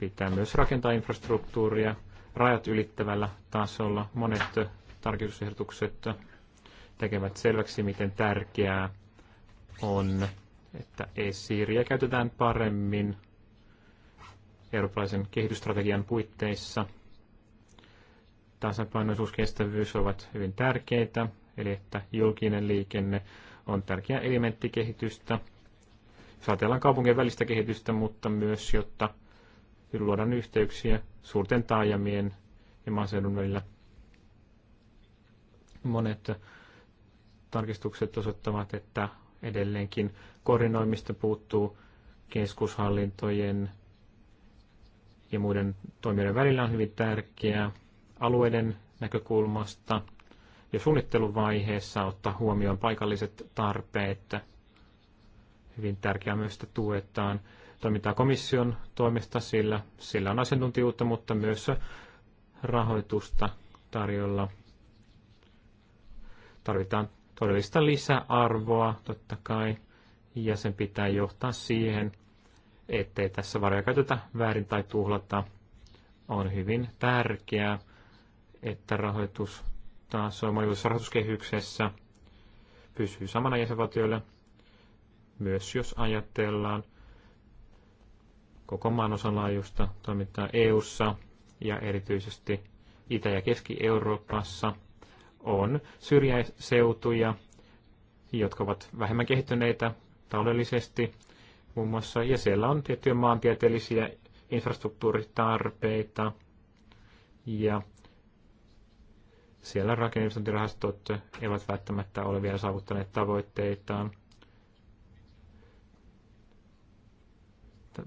pitää myös rakentaa infrastruktuuria rajat ylittävällä tasolla. Monet tarkistusehdotukset tekevät selväksi, miten tärkeää on, että e-siiriä käytetään paremmin eurooppalaisen kehitysstrategian puitteissa. Tasapainoisuus, kestävyys ovat hyvin tärkeitä, eli että julkinen liikenne on tärkeä elementti kehitystä. Saatellaan kaupunkien välistä kehitystä, mutta myös, jotta luodaan yhteyksiä suurten taajamien ja maaseudun välillä. Monet tarkistukset osoittavat, että edelleenkin koordinoimista puuttuu keskushallintojen ja muiden toimijoiden välillä on hyvin tärkeää alueiden näkökulmasta ja suunnitteluvaiheessa ottaa huomioon paikalliset tarpeet. Hyvin tärkeää myös, että tuetaan toimitaan komission toimesta, sillä sillä on asiantuntijuutta, mutta myös rahoitusta tarjolla. Tarvitaan todellista lisäarvoa totta kai, ja sen pitää johtaa siihen, ettei tässä varoja käytetä väärin tai tuhlata. On hyvin tärkeää, että rahoitustaso rahoituskehyksessä pysyy samana jäsenvaltioille, myös jos ajatellaan koko maan osan laajuista toimintaa EU:ssa ja erityisesti Itä- ja Keski-Euroopassa on syrjäseutuja, jotka ovat vähemmän kehittyneitä taloudellisesti muun muassa, ja siellä on tiettyjä maantieteellisiä infrastruktuuritarpeita, ja siellä rakennusinvestointirahastot eivät välttämättä ole vielä saavuttaneet tavoitteitaan.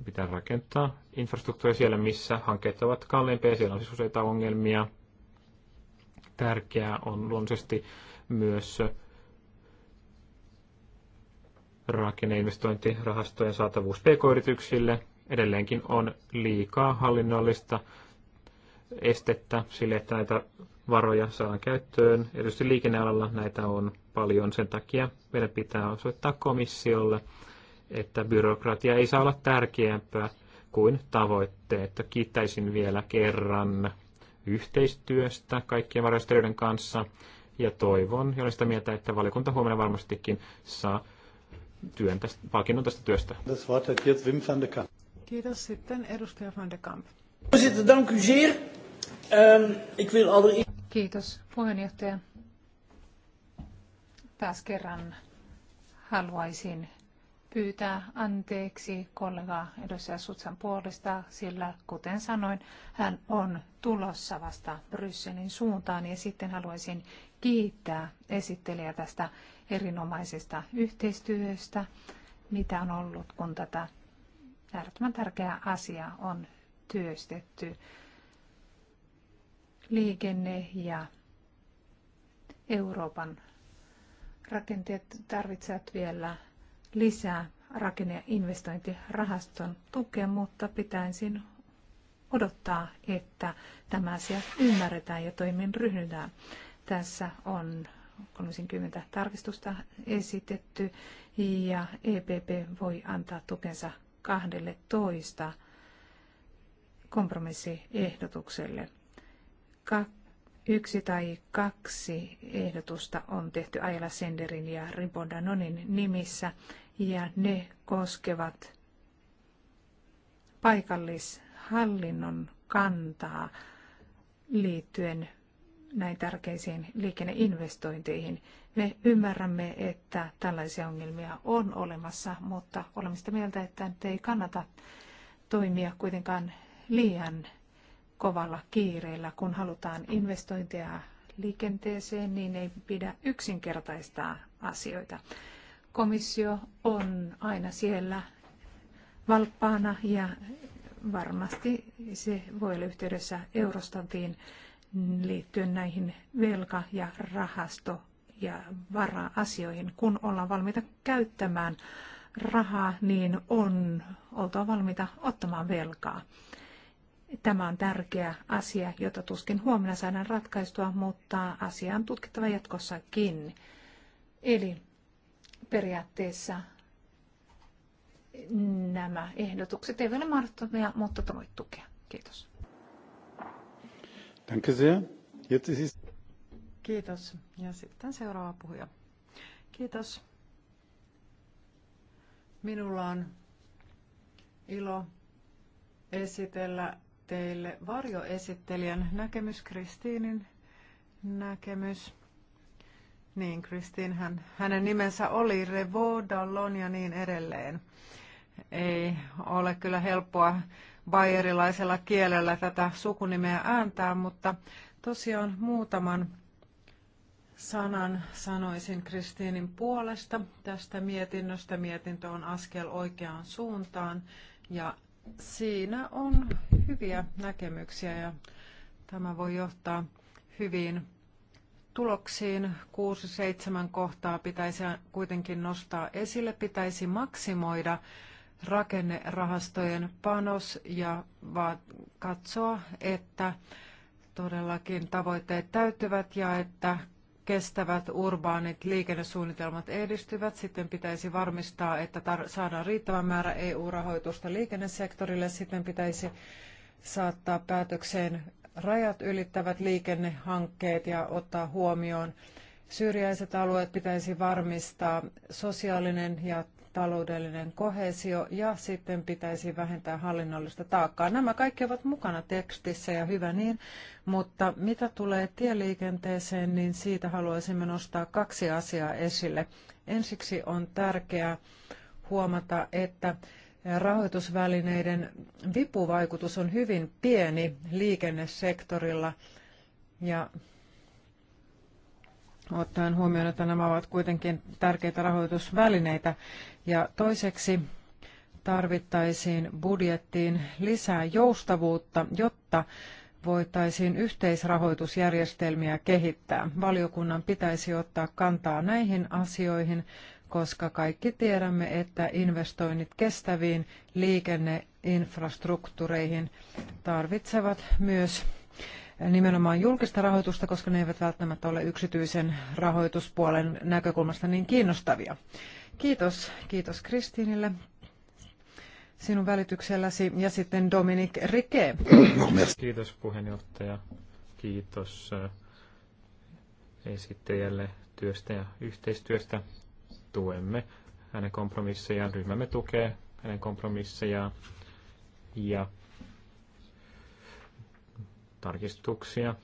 Pitää rakentaa infrastruktuuria siellä, missä hankkeet ovat kalliimpia. Siellä on siis useita ongelmia. Tärkeää on luonnollisesti myös rakenneinvestointirahastojen saatavuus pk-yrityksille. Edelleenkin on liikaa hallinnollista estettä sille, että näitä varoja saadaan käyttöön. Erityisesti liikennealalla näitä on paljon. Sen takia meidän pitää osoittaa komissiolle että byrokratia ei saa olla tärkeämpää kuin tavoitteet. Kiittäisin vielä kerran yhteistyöstä kaikkien varjostelijoiden kanssa ja toivon, ja olen sitä mieltä, että valiokunta huomenna varmastikin saa työn tästä, palkinnon tästä työstä. Kiitos sitten edustaja van de Kamp. Ehm, Kiitos puheenjohtaja. Taas kerran haluaisin pyytää anteeksi kollega edustaja Sutsan puolesta, sillä kuten sanoin, hän on tulossa vasta Brysselin suuntaan ja sitten haluaisin kiittää esittelijä tästä erinomaisesta yhteistyöstä, mitä on ollut, kun tätä äärettömän tärkeää asiaa on työstetty. Liikenne ja Euroopan rakenteet tarvitsevat vielä lisää rakenne- ja investointirahaston tukea, mutta pitäisi odottaa, että tämä asia ymmärretään ja toimin ryhdytään. Tässä on 30 tarkistusta esitetty ja EPP voi antaa tukensa 12 kompromissiehdotukselle. Ka- yksi tai kaksi ehdotusta on tehty Aila Senderin ja Ribondanonin nimissä ja ne koskevat paikallishallinnon kantaa liittyen näin tärkeisiin liikenneinvestointeihin. Me ymmärrämme, että tällaisia ongelmia on olemassa, mutta olemme sitä mieltä, että nyt ei kannata toimia kuitenkaan liian kovalla kiireellä. Kun halutaan investointeja liikenteeseen, niin ei pidä yksinkertaistaa asioita komissio on aina siellä valppaana ja varmasti se voi olla yhteydessä Eurostatiin liittyen näihin velka- ja rahasto- ja vara-asioihin. Kun ollaan valmiita käyttämään rahaa, niin on oltava valmiita ottamaan velkaa. Tämä on tärkeä asia, jota tuskin huomenna saadaan ratkaistua, mutta asia on tutkittava jatkossakin. Eli periaatteessa nämä ehdotukset eivät ole mahdottomia, mutta te voit tukea. Kiitos. Danke sehr. Jetzt ist Kiitos. Ja sitten seuraava puhuja. Kiitos. Minulla on ilo esitellä teille varjoesittelijän näkemys, Kristiinin näkemys. Niin, Kristiin, hän, hänen nimensä oli Revo Dallon ja niin edelleen. Ei ole kyllä helppoa bayerilaisella kielellä tätä sukunimeä ääntää, mutta tosiaan muutaman sanan sanoisin Kristiinin puolesta tästä mietinnöstä. Mietintö on askel oikeaan suuntaan ja siinä on hyviä näkemyksiä ja tämä voi johtaa hyviin tuloksiin kuusi seitsemän kohtaa pitäisi kuitenkin nostaa esille. Pitäisi maksimoida rakennerahastojen panos ja vaan katsoa, että todellakin tavoitteet täyttyvät ja että kestävät urbaanit liikennesuunnitelmat edistyvät. Sitten pitäisi varmistaa, että saadaan riittävä määrä EU-rahoitusta liikennesektorille. Sitten pitäisi saattaa päätökseen rajat ylittävät liikennehankkeet ja ottaa huomioon syrjäiset alueet pitäisi varmistaa sosiaalinen ja taloudellinen kohesio ja sitten pitäisi vähentää hallinnollista taakkaa. Nämä kaikki ovat mukana tekstissä ja hyvä niin, mutta mitä tulee tieliikenteeseen, niin siitä haluaisimme nostaa kaksi asiaa esille. Ensiksi on tärkeää huomata, että rahoitusvälineiden vipuvaikutus on hyvin pieni liikennesektorilla ja ottaen huomioon, että nämä ovat kuitenkin tärkeitä rahoitusvälineitä. Ja toiseksi tarvittaisiin budjettiin lisää joustavuutta, jotta voitaisiin yhteisrahoitusjärjestelmiä kehittää. Valiokunnan pitäisi ottaa kantaa näihin asioihin koska kaikki tiedämme, että investoinnit kestäviin liikenneinfrastruktuureihin tarvitsevat myös nimenomaan julkista rahoitusta, koska ne eivät välttämättä ole yksityisen rahoituspuolen näkökulmasta niin kiinnostavia. Kiitos, kiitos Kristiinille sinun välitykselläsi ja sitten Dominik Rike. Kiitos puheenjohtaja, kiitos äh, esittäjälle työstä ja yhteistyöstä tuemme hänen kompromissejaan, ryhmämme tukee hänen kompromissejaan ja tarkistuksia.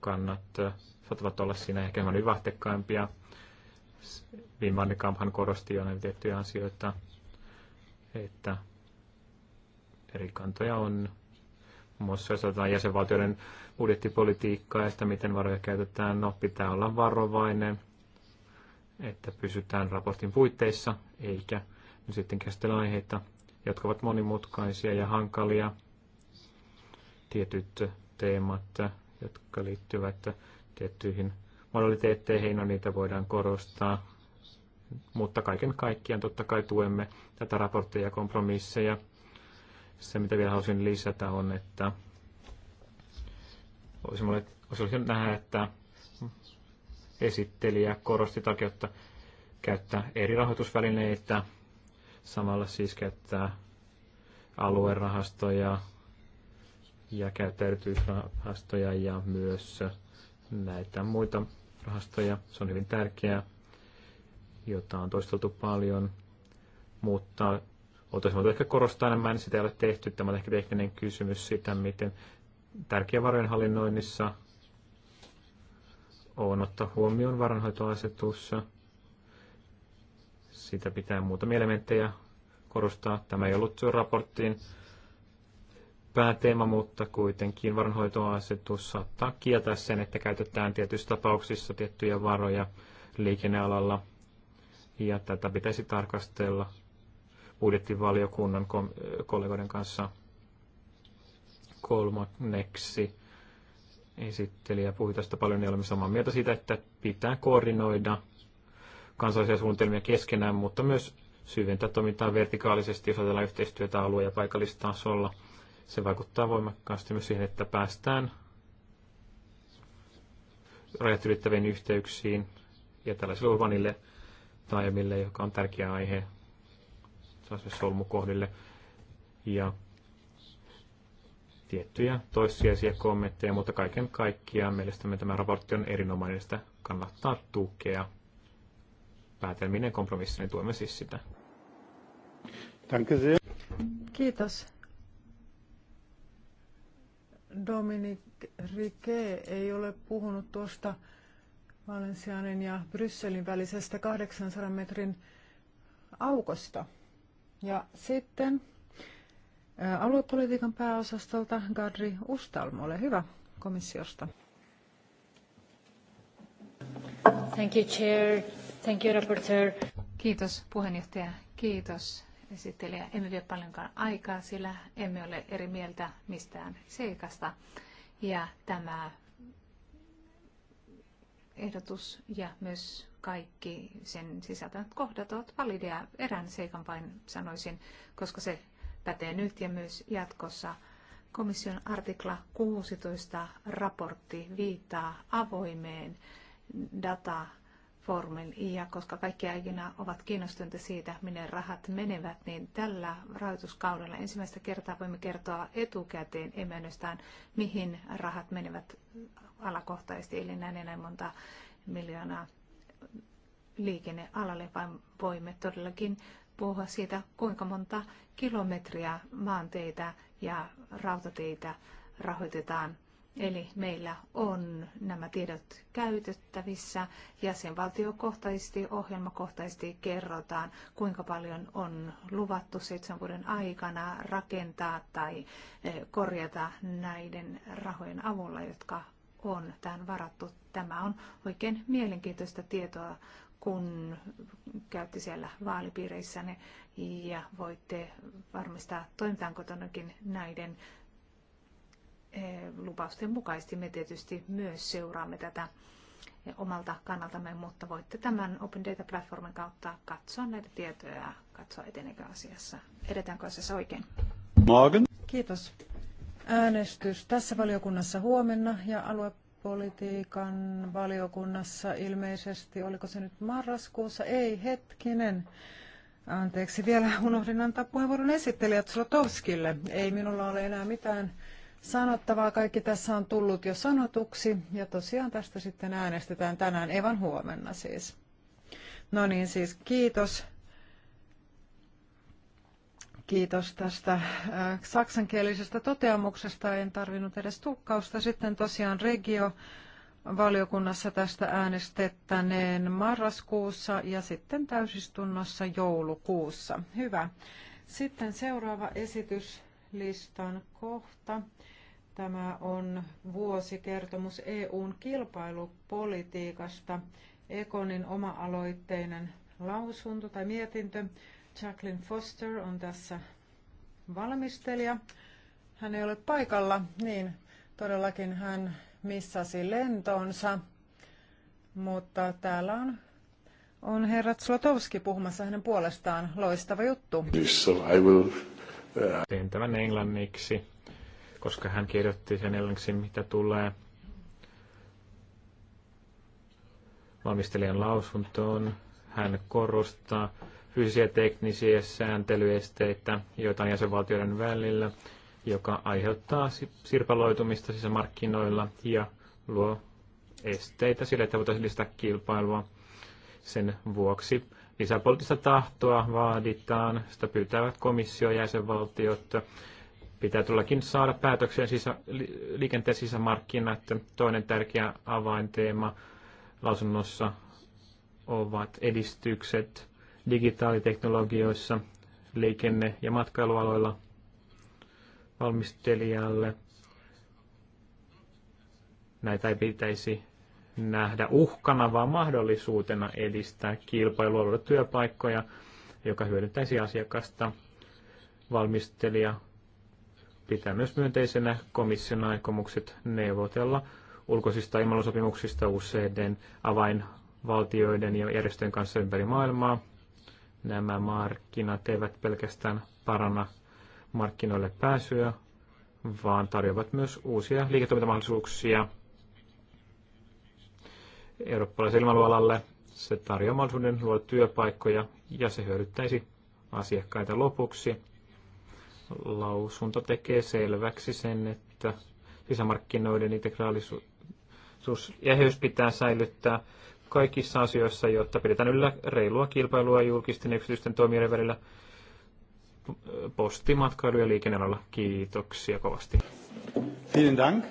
Kannat äh, saattavat olla siinä ehkä hieman yvahtekkaimpia. Wim korosti jo näitä tiettyjä asioita, että eri kantoja on. Muun muassa jos otetaan jäsenvaltioiden budjettipolitiikkaa ja sitä, miten varoja käytetään, no pitää olla varovainen että pysytään raportin puitteissa, eikä sitten käsitellä aiheita, jotka ovat monimutkaisia ja hankalia. Tietyt teemat, jotka liittyvät tiettyihin modaliteetteihin, no niitä voidaan korostaa. Mutta kaiken kaikkiaan totta kai tuemme tätä raporttia ja kompromisseja. Se, mitä vielä haluaisin lisätä, on, että olisi nähdä, että esittelijä korosti takia, käyttää eri rahoitusvälineitä, samalla siis käyttää aluerahastoja ja käyttää erityisrahastoja ja myös näitä muita rahastoja. Se on hyvin tärkeää, jota on toisteltu paljon, mutta oltaisiin voinut ehkä korostaa enemmän, niin sitä ei ole tehty. Tämä on ehkä tekninen kysymys sitä, miten tärkeä varojen hallinnoinnissa – on ottaa huomioon varanhoitoasetussa. Sitä pitää muutamia elementtejä korostaa. Tämä ei ollut raporttiin pääteema, mutta kuitenkin varanhoitoasetus saattaa kieltää sen, että käytetään tietyissä tapauksissa tiettyjä varoja liikennealalla. Ja tätä pitäisi tarkastella budjettivaliokunnan kollegoiden kanssa kolmanneksi ja puhui tästä paljon, niin olemme samaa mieltä siitä, että pitää koordinoida kansallisia suunnitelmia keskenään, mutta myös syventää toimintaa vertikaalisesti, jos ajatellaan yhteistyötä alue- ja paikallistasolla. Se vaikuttaa voimakkaasti myös siihen, että päästään rajat ylittäviin yhteyksiin ja tällaisille urbanille taajamille, joka on tärkeä aihe, sellaisille solmukohdille. Ja tiettyjä toissijaisia kommentteja, mutta kaiken kaikkiaan mielestämme tämä raportti on erinomainen, sitä kannattaa tukea. Päätelminen kompromissi, niin tuemme siis sitä. Kiitos. Dominik Rike ei ole puhunut tuosta Valensianin ja Brysselin välisestä 800 metrin aukosta. Ja sitten aluepolitiikan pääosastolta Gadri Ustalmo. Ole hyvä komissiosta. Thank you, Chair. Thank you, Rapporteur. Kiitos puheenjohtaja. Kiitos esittelijä. Emme vie paljonkaan aikaa, sillä emme ole eri mieltä mistään seikasta. Ja tämä ehdotus ja myös kaikki sen sisältävät kohdat ovat valideja. Erään seikan vain sanoisin, koska se pätee nyt ja myös jatkossa. Komission artikla 16 raportti viittaa avoimeen dataformiin, Ja koska kaikki aina ovat kiinnostuneita siitä, minne rahat menevät, niin tällä rahoituskaudella ensimmäistä kertaa voimme kertoa etukäteen, emme ainoastaan mihin rahat menevät alakohtaisesti, eli näin enää monta miljoonaa liikennealalle, vaan voimme todellakin puhua siitä, kuinka monta kilometriä maanteitä ja rautateitä rahoitetaan. Eli meillä on nämä tiedot käytettävissä. Jäsenvaltiokohtaisesti, ohjelmakohtaisesti kerrotaan, kuinka paljon on luvattu seitsemän vuoden aikana rakentaa tai eh, korjata näiden rahojen avulla, jotka on tähän varattu. Tämä on oikein mielenkiintoista tietoa, kun käytte siellä vaalipiireissänne ja voitte varmistaa, toimitaanko todellakin näiden eh, lupausten mukaisesti. Me tietysti myös seuraamme tätä omalta kannaltamme, mutta voitte tämän Open Data-platformin kautta katsoa näitä tietoja ja katsoa etenekö asiassa. Edetäänkö asiassa oikein? Morgan. Kiitos. Äänestys tässä valiokunnassa huomenna ja alue politiikan valiokunnassa ilmeisesti, oliko se nyt marraskuussa, ei hetkinen, Anteeksi, vielä unohdin antaa puheenvuoron esittelijä Zlotowskille. Ei minulla ole enää mitään sanottavaa. Kaikki tässä on tullut jo sanotuksi. Ja tosiaan tästä sitten äänestetään tänään, evan huomenna siis. No niin, siis kiitos Kiitos tästä äh, saksankielisestä toteamuksesta. En tarvinnut edes tulkkausta. Sitten tosiaan regio valiokunnassa tästä äänestettäneen marraskuussa ja sitten täysistunnossa joulukuussa. Hyvä. Sitten seuraava esityslistan kohta. Tämä on vuosikertomus EUn kilpailupolitiikasta. Ekonin oma-aloitteinen lausunto tai mietintö Jacqueline Foster on tässä valmistelija. Hän ei ole paikalla, niin todellakin hän missasi lentonsa, mutta täällä on, on herra Slotowski puhumassa hänen puolestaan. Loistava juttu. So I will, uh... Tein tämän englanniksi, koska hän kirjoitti sen englanniksi, mitä tulee valmistelijan lausuntoon. Hän korostaa fyysisiä teknisiä sääntelyesteitä, joitain jäsenvaltioiden välillä, joka aiheuttaa sirpaloitumista sisämarkkinoilla ja luo esteitä sille, että voitaisiin lisätä kilpailua. Sen vuoksi lisäpoliittista tahtoa vaaditaan, sitä pyytävät komissio ja jäsenvaltiot. Pitää tullakin saada päätöksen sisä, liikenteen sisämarkkinat. Toinen tärkeä avainteema lausunnossa ovat edistykset digitaaliteknologioissa, liikenne- ja matkailualoilla valmistelijalle. Näitä ei pitäisi nähdä uhkana, vaan mahdollisuutena edistää kilpailua, työpaikkoja, joka hyödyntäisi asiakasta. Valmistelija pitää myös myönteisenä komission aikomukset neuvotella ulkoisista ilmailusopimuksista useiden avainvaltioiden ja järjestöjen kanssa ympäri maailmaa. Nämä markkinat eivät pelkästään paranna markkinoille pääsyä, vaan tarjoavat myös uusia liiketoimintamahdollisuuksia eurooppalaiselle ilmailualalle. Se tarjoaa mahdollisuuden luoda työpaikkoja ja se hyödyttäisi asiakkaita lopuksi. Lausunto tekee selväksi sen, että sisämarkkinoiden integraalisuus ja pitää säilyttää kaikissa asioissa, jotta pidetään yllä reilua kilpailua julkisten ja yksityisten toimijoiden välillä postimatkailu- ja liikennealalla. Kiitoksia kovasti. Vielen dank.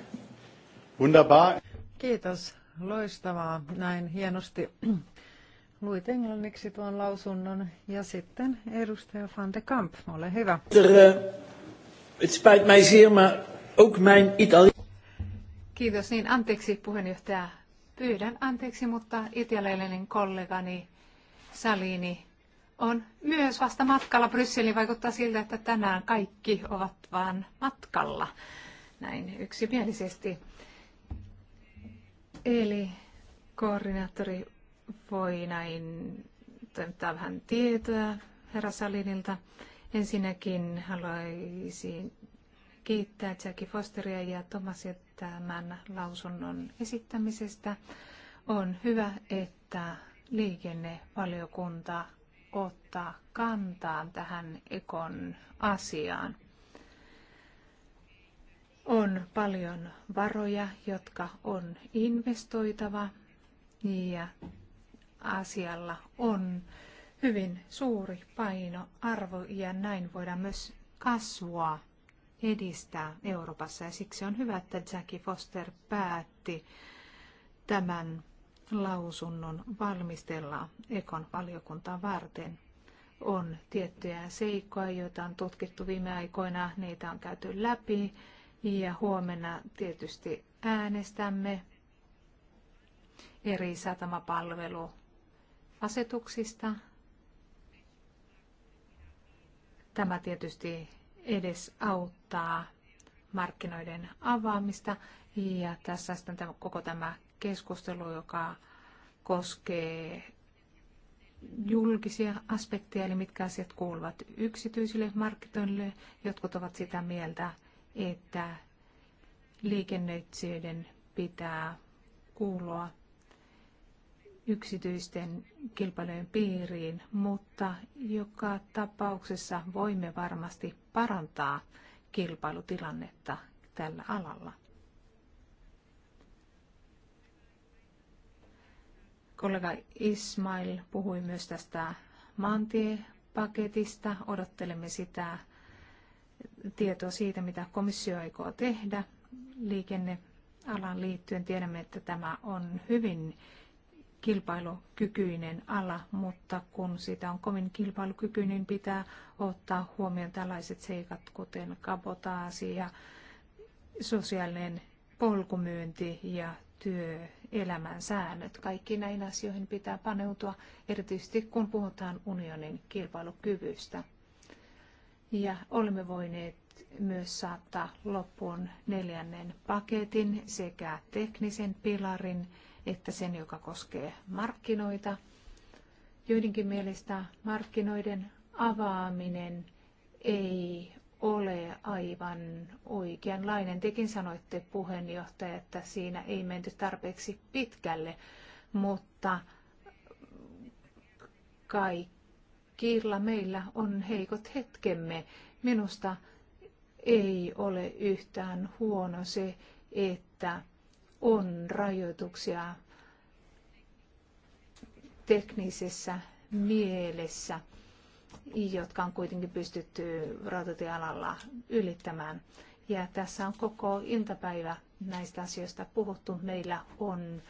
Wunderbar. Kiitos. Loistavaa. Näin hienosti luit englanniksi tuon lausunnon. Ja sitten edustaja Van de Kamp, ole hyvä. Er, eh, het spijt mij zeer, maar ook mijn Itali... Kiitos. Niin, anteeksi puheenjohtaja. Pyydän anteeksi, mutta italialainen kollegani Salini on myös vasta matkalla Brysseliin. Vaikuttaa siltä, että tänään kaikki ovat vaan matkalla näin yksimielisesti. Eli koordinaattori voi näin toimittaa vähän tietoa herra Salinilta. Ensinnäkin haluaisin kiittää Jackie Fosteria ja Tomasia tämän lausunnon esittämisestä. On hyvä, että liikennevaliokunta ottaa kantaa tähän ekon asiaan. On paljon varoja, jotka on investoitava ja asialla on hyvin suuri painoarvo ja näin voidaan myös kasvua edistää Euroopassa ja siksi on hyvä, että Jackie Foster päätti tämän lausunnon valmistella Ekon valiokuntaa varten. On tiettyjä seikkoja, joita on tutkittu viime aikoina, niitä on käyty läpi ja huomenna tietysti äänestämme eri satamapalveluasetuksista. Tämä tietysti edes auttaa markkinoiden avaamista. Ja tässä sitten tämä, koko tämä keskustelu, joka koskee julkisia aspekteja, eli mitkä asiat kuuluvat yksityisille markkinoille. Jotkut ovat sitä mieltä, että liikennöitsijöiden pitää kuulua yksityisten kilpailujen piiriin, mutta joka tapauksessa voimme varmasti parantaa kilpailutilannetta tällä alalla. Kollega Ismail puhui myös tästä maantiepaketista. Odottelemme sitä tietoa siitä, mitä komissio aikoo tehdä liikennealan liittyen. Tiedämme, että tämä on hyvin kilpailukykyinen ala, mutta kun sitä on kovin kilpailukykyinen, niin pitää ottaa huomioon tällaiset seikat, kuten kabotaasi ja sosiaalinen polkumyynti ja työelämän säännöt. Kaikki näihin asioihin pitää paneutua, erityisesti kun puhutaan unionin kilpailukyvystä. Ja olemme voineet myös saattaa loppuun neljännen paketin sekä teknisen pilarin että sen, joka koskee markkinoita. Joidenkin mielestä markkinoiden avaaminen ei ole aivan oikeanlainen. Tekin sanoitte puheenjohtaja, että siinä ei menty tarpeeksi pitkälle, mutta kaikilla meillä on heikot hetkemme. Minusta ei ole yhtään huono se, että on rajoituksia teknisessä mielessä, jotka on kuitenkin pystytty rautatiealalla ylittämään. Ja tässä on koko iltapäivä näistä asioista puhuttu. Meillä on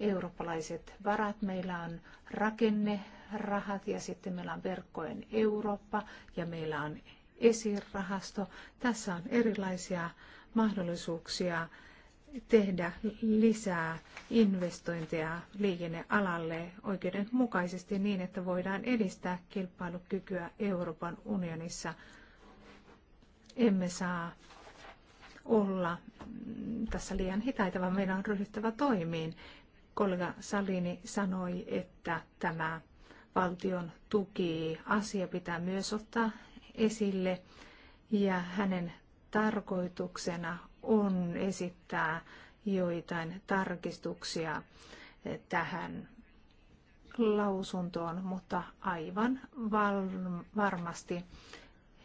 eurooppalaiset varat, meillä on rakennerahat ja sitten meillä on verkkojen Eurooppa ja meillä on esirahasto. Tässä on erilaisia mahdollisuuksia tehdä lisää investointeja liikennealalle oikeudenmukaisesti niin, että voidaan edistää kilpailukykyä Euroopan unionissa. Emme saa olla tässä liian hitaita, vaan meidän on ryhdyttävä toimiin. Kollega Salini sanoi, että tämä valtion tuki asia pitää myös ottaa esille ja hänen tarkoituksena on esittää joitain tarkistuksia tähän lausuntoon, mutta aivan varmasti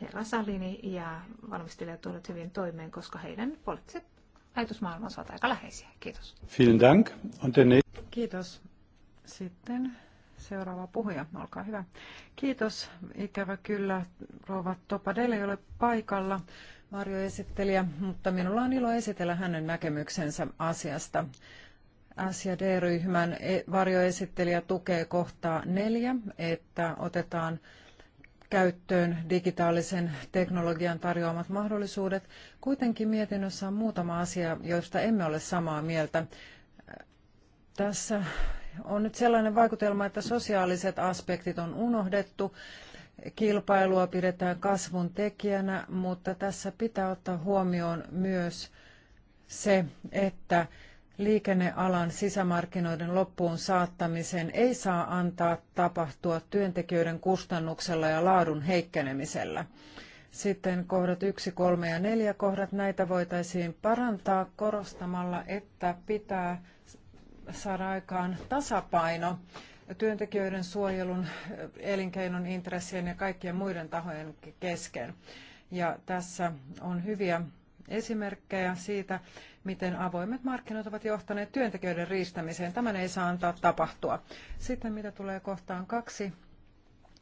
herra Salini ja valmistelijat tulevat hyvin toimeen, koska heidän poliittiset ajatusmaailmansa ovat aika läheisiä. Kiitos. Vielen dank. Kiitos. Sitten seuraava puhuja, olkaa hyvä. Kiitos. Ikävä kyllä, rouva Topadelle ei ole paikalla varjoesittelijä, mutta minulla on ilo esitellä hänen näkemyksensä asiasta. SJD-ryhmän e- varjoesittelijä tukee kohtaa neljä, että otetaan käyttöön digitaalisen teknologian tarjoamat mahdollisuudet. Kuitenkin mietinnössä on muutama asia, joista emme ole samaa mieltä. Tässä on nyt sellainen vaikutelma, että sosiaaliset aspektit on unohdettu Kilpailua pidetään kasvun tekijänä, mutta tässä pitää ottaa huomioon myös se, että liikennealan sisämarkkinoiden loppuun saattamisen ei saa antaa tapahtua työntekijöiden kustannuksella ja laadun heikkenemisellä. Sitten kohdat 1, 3 ja 4 kohdat, näitä voitaisiin parantaa korostamalla, että pitää saada aikaan tasapaino työntekijöiden suojelun, elinkeinon intressien ja kaikkien muiden tahojen kesken. Ja tässä on hyviä esimerkkejä siitä, miten avoimet markkinat ovat johtaneet työntekijöiden riistämiseen. Tämän ei saa antaa tapahtua. Sitten mitä tulee kohtaan kaksi,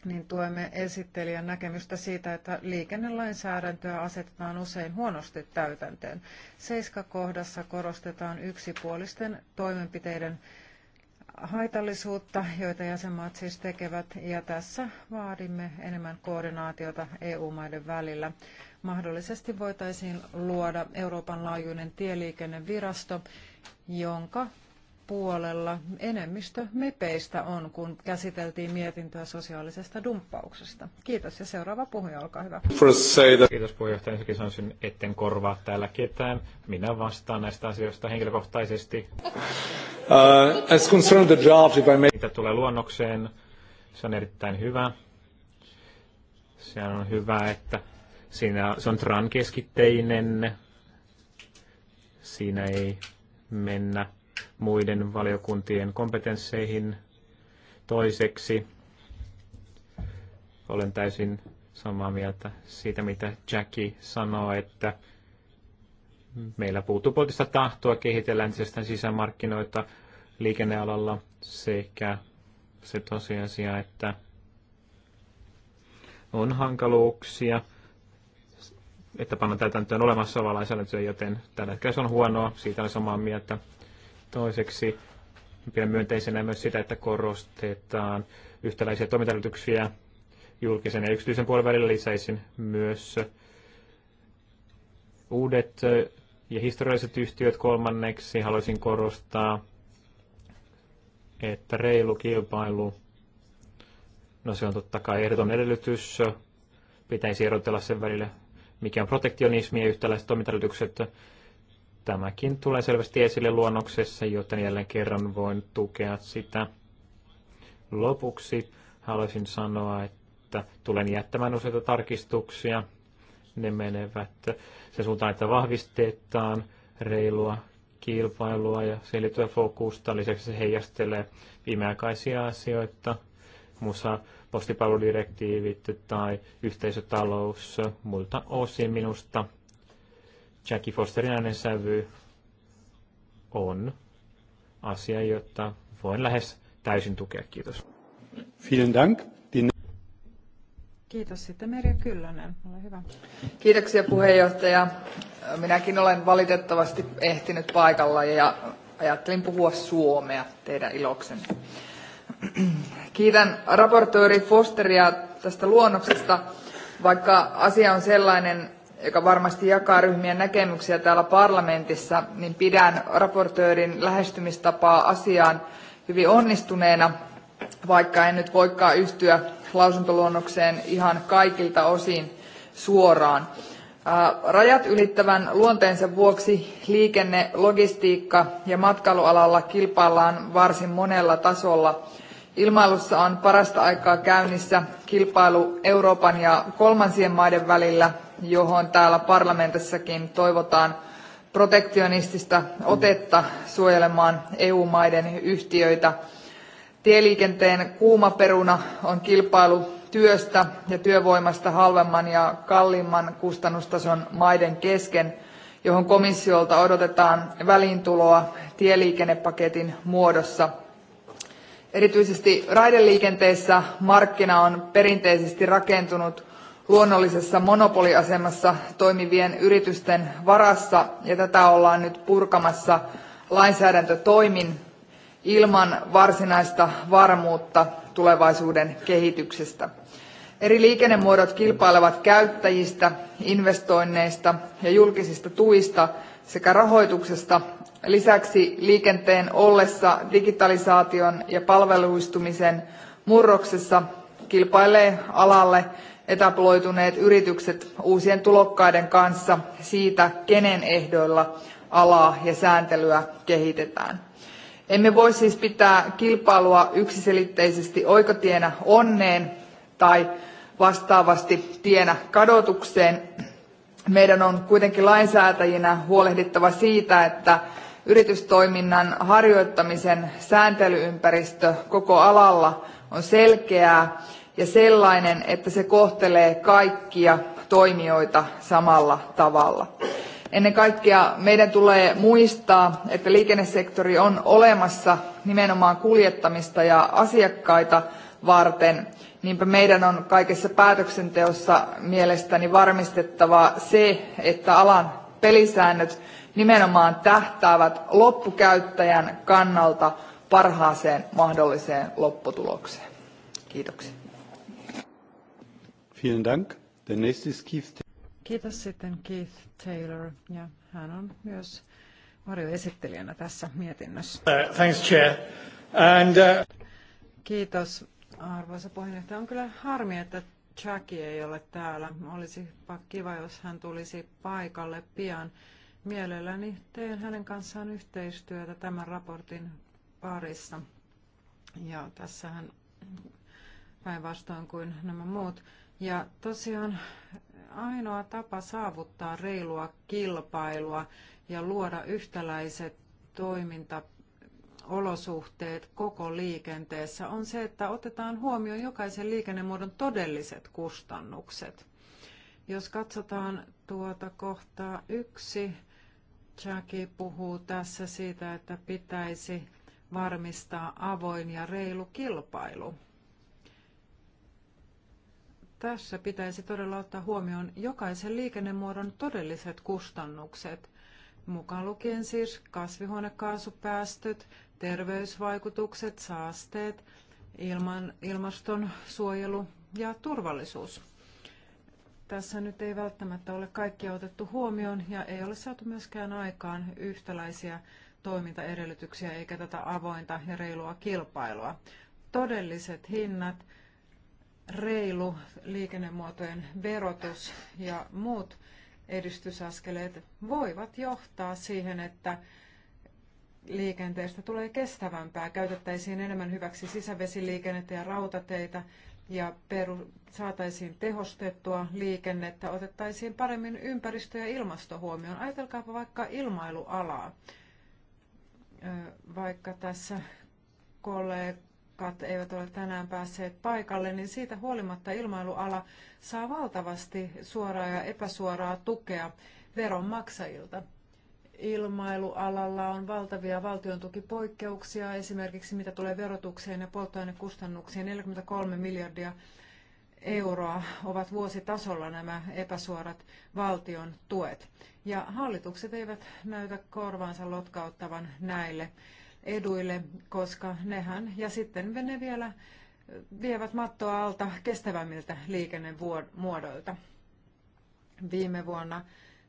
niin tuemme esittelijän näkemystä siitä, että liikennelainsäädäntöä asetetaan usein huonosti täytäntöön. Seiska kohdassa korostetaan yksipuolisten toimenpiteiden haitallisuutta, joita jäsenmaat siis tekevät, ja tässä vaadimme enemmän koordinaatiota EU-maiden välillä. Mahdollisesti voitaisiin luoda Euroopan laajuinen tieliikennevirasto, jonka puolella enemmistö mepeistä on, kun käsiteltiin mietintöä sosiaalisesta dumppauksesta. Kiitos ja seuraava puhuja, olkaa hyvä. Kiitos puheenjohtaja. Ensinnäkin sanoisin, etten korvaa täällä ketään. Minä vastaan näistä asioista henkilökohtaisesti. Uh, as concerned the if I may... Mitä tulee luonnokseen, se on erittäin hyvä. Se on hyvä, että siinä, se on trankeskitteinen. Siinä ei mennä muiden valiokuntien kompetensseihin toiseksi. Olen täysin samaa mieltä siitä, mitä Jackie sanoi, että Meillä puuttuu poliittista tahtoa kehitellä entisestään sisämarkkinoita liikennealalla sekä se tosiasia, että on hankaluuksia, että panna täytäntöön olemassa olevaa lainsäädäntöä, joten tällä hetkellä se on huonoa, siitä on samaa mieltä. Toiseksi pidän myönteisenä myös sitä, että korostetaan yhtäläisiä toimintaedellytyksiä julkisen ja yksityisen puolen välillä lisäisin myös uudet ja historialliset yhtiöt kolmanneksi haluaisin korostaa, että reilu kilpailu, no se on totta kai ehdoton edellytys, pitäisi erotella sen välillä, mikä on protektionismi ja yhtäläiset toimintaedellytykset. Tämäkin tulee selvästi esille luonnoksessa, joten jälleen kerran voin tukea sitä. Lopuksi haluaisin sanoa, että tulen jättämään useita tarkistuksia – ne menevät sen suuntaan, että vahvistetaan reilua kilpailua ja siihen liittyvää fokusta. Lisäksi se heijastelee viimeaikaisia asioita, muussa postipalveludirektiivit tai yhteisötalous muilta osin minusta. Jackie Fosterin äänensävy on asia, jota voin lähes täysin tukea. Kiitos. Vielen Dank. Kiitos sitten Merja Kyllönen. Ole hyvä. Kiitoksia puheenjohtaja. Minäkin olen valitettavasti ehtinyt paikalla ja ajattelin puhua suomea teidän iloksen. Kiitän raportööri Fosteria tästä luonnoksesta, vaikka asia on sellainen, joka varmasti jakaa ryhmien näkemyksiä täällä parlamentissa, niin pidän raportöörin lähestymistapaa asiaan hyvin onnistuneena, vaikka en nyt voikaan yhtyä lausuntoluonnokseen ihan kaikilta osin suoraan. Rajat ylittävän luonteensa vuoksi liikenne, logistiikka ja matkailualalla kilpaillaan varsin monella tasolla. Ilmailussa on parasta aikaa käynnissä kilpailu Euroopan ja kolmansien maiden välillä, johon täällä parlamentissakin toivotaan protektionistista otetta suojelemaan EU-maiden yhtiöitä – tieliikenteen kuuma peruna on kilpailu työstä ja työvoimasta halvemman ja kalliimman kustannustason maiden kesken johon komissiolta odotetaan väliintuloa tieliikennepaketin muodossa. Erityisesti raideliikenteessä markkina on perinteisesti rakentunut luonnollisessa monopoliasemassa toimivien yritysten varassa ja tätä ollaan nyt purkamassa lainsäädäntötoimin ilman varsinaista varmuutta tulevaisuuden kehityksestä. Eri liikennemuodot kilpailevat käyttäjistä, investoinneista ja julkisista tuista sekä rahoituksesta. Lisäksi liikenteen ollessa digitalisaation ja palveluistumisen murroksessa kilpailee alalle etabloituneet yritykset uusien tulokkaiden kanssa siitä, kenen ehdoilla alaa ja sääntelyä kehitetään. Emme voi siis pitää kilpailua yksiselitteisesti oikotienä onneen tai vastaavasti tienä kadotukseen. Meidän on kuitenkin lainsäätäjinä huolehdittava siitä, että yritystoiminnan harjoittamisen sääntelyympäristö koko alalla on selkeää ja sellainen, että se kohtelee kaikkia toimijoita samalla tavalla. Ennen kaikkea meidän tulee muistaa, että liikennesektori on olemassa nimenomaan kuljettamista ja asiakkaita varten. Niinpä meidän on kaikessa päätöksenteossa mielestäni varmistettava se, että alan pelisäännöt nimenomaan tähtäävät loppukäyttäjän kannalta parhaaseen mahdolliseen lopputulokseen. Kiitoksia. Vielen Dank. Der nächste ist Keith Kiitos sitten Keith Taylor ja hän on myös varjoesittelijänä tässä mietinnössä. Uh, thanks, Chair. And, uh... Kiitos arvoisa puheenjohtaja. On kyllä harmi, että Jackie ei ole täällä. Olisi kiva, jos hän tulisi paikalle pian. Mielelläni teen hänen kanssaan yhteistyötä tämän raportin parissa. Ja tässähän päinvastoin kuin nämä muut. Ja tosiaan ainoa tapa saavuttaa reilua kilpailua ja luoda yhtäläiset toimintaolosuhteet koko liikenteessä on se, että otetaan huomioon jokaisen liikennemuodon todelliset kustannukset. Jos katsotaan tuota kohtaa yksi, Jackie puhuu tässä siitä, että pitäisi varmistaa avoin ja reilu kilpailu. Tässä pitäisi todella ottaa huomioon jokaisen liikennemuodon todelliset kustannukset, mukaan lukien siis kasvihuonekaasupäästöt, terveysvaikutukset, saasteet, ilman, ilmastonsuojelu ja turvallisuus. Tässä nyt ei välttämättä ole kaikkia otettu huomioon ja ei ole saatu myöskään aikaan yhtäläisiä toimintaedellytyksiä eikä tätä avointa ja reilua kilpailua. Todelliset hinnat reilu liikennemuotojen verotus ja muut edistysaskeleet voivat johtaa siihen, että liikenteestä tulee kestävämpää. Käytettäisiin enemmän hyväksi sisävesiliikennettä ja rautateitä ja peru- saataisiin tehostettua liikennettä, otettaisiin paremmin ympäristö- ja ilmasto huomioon. Ajatelkaapa vaikka ilmailualaa. Vaikka tässä kollega asiakkaat eivät ole tänään päässeet paikalle, niin siitä huolimatta ilmailuala saa valtavasti suoraa ja epäsuoraa tukea veronmaksajilta. Ilmailualalla on valtavia valtiontukipoikkeuksia, esimerkiksi mitä tulee verotukseen ja polttoainekustannuksiin, 43 miljardia euroa ovat vuositasolla nämä epäsuorat valtion tuet. Ja hallitukset eivät näytä korvaansa lotkauttavan näille eduille, koska nehän, ja sitten ne vielä vievät mattoa alta kestävämmiltä liikennemuodoilta. Viime vuonna,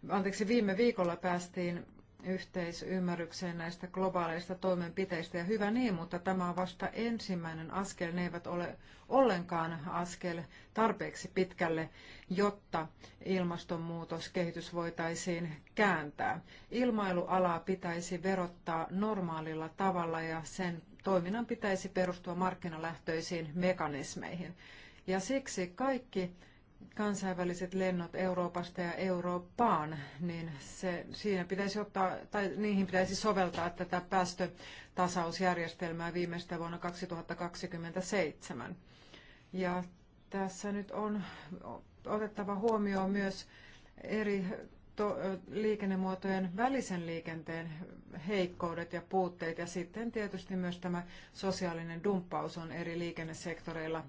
anteeksi, viime viikolla päästiin yhteisymmärrykseen näistä globaaleista toimenpiteistä ja hyvä niin, mutta tämä on vasta ensimmäinen askel. Ne eivät ole ollenkaan askel tarpeeksi pitkälle, jotta ilmastonmuutoskehitys voitaisiin kääntää. Ilmailualaa pitäisi verottaa normaalilla tavalla ja sen toiminnan pitäisi perustua markkinalähtöisiin mekanismeihin. Ja siksi kaikki kansainväliset lennot Euroopasta ja Eurooppaan, niin se, siinä pitäisi ottaa, tai niihin pitäisi soveltaa tätä päästötasausjärjestelmää viimeistä vuonna 2027. Ja tässä nyt on otettava huomioon myös eri to, liikennemuotojen välisen liikenteen heikkoudet ja puutteet ja sitten tietysti myös tämä sosiaalinen dumppaus on eri liikennesektoreilla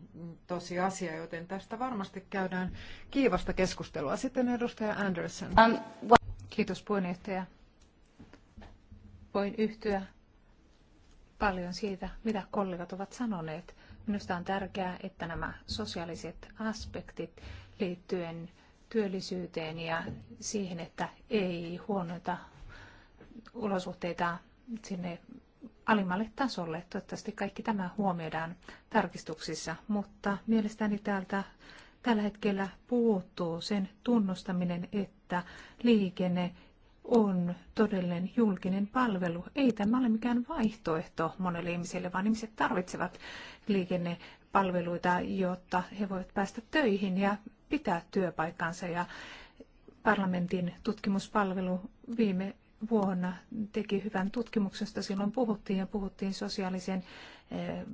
tosi asia, joten tästä varmasti käydään kiivasta keskustelua. Sitten edustaja Anderson. Um, Kiitos puheenjohtaja. Voin yhtyä paljon siitä, mitä kollegat ovat sanoneet. Minusta on tärkeää, että nämä sosiaaliset aspektit liittyen työllisyyteen ja siihen, että ei huonoita olosuhteita sinne alimmalle tasolle. Toivottavasti kaikki tämä huomioidaan tarkistuksissa, mutta mielestäni täältä tällä hetkellä puuttuu sen tunnustaminen, että liikenne on todellinen julkinen palvelu. Ei tämä ole mikään vaihtoehto monelle ihmiselle, vaan ihmiset tarvitsevat liikennepalveluita, jotta he voivat päästä töihin ja pitää työpaikkansa ja parlamentin tutkimuspalvelu viime vuonna teki hyvän tutkimuksesta. Silloin puhuttiin ja puhuttiin sosiaalisen eh,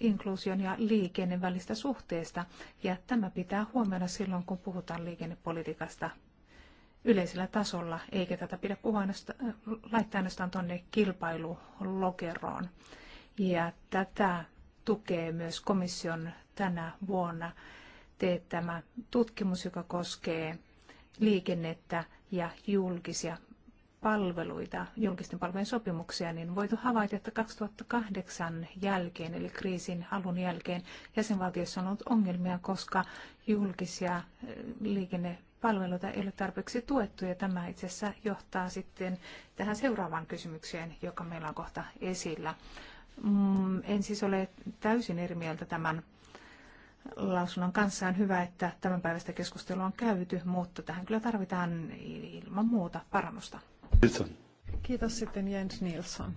inkluusion ja liikenne välistä suhteesta. Ja tämä pitää huomioida silloin, kun puhutaan liikennepolitiikasta yleisellä tasolla, eikä tätä pidä puhua ainoastaan, eh, laittaa ainoastaan tuonne kilpailulokeroon. Ja tätä tukee myös komission tänä vuonna teettämä tutkimus, joka koskee liikennettä ja julkisia palveluita, julkisten palvelujen sopimuksia, niin voitu havaita, että 2008 jälkeen, eli kriisin alun jälkeen, jäsenvaltiossa on ollut ongelmia, koska julkisia eh, liikennepalveluita ei ole tarpeeksi tuettu, ja tämä itse asiassa johtaa sitten tähän seuraavaan kysymykseen, joka meillä on kohta esillä. Mm, en siis ole täysin eri mieltä tämän lausunnon kanssa. On hyvä, että tämän päivästä keskustelua on käyty, mutta tähän kyllä tarvitaan ilman muuta parannusta. Kiitos. Kiitos sitten Jens Nilsson.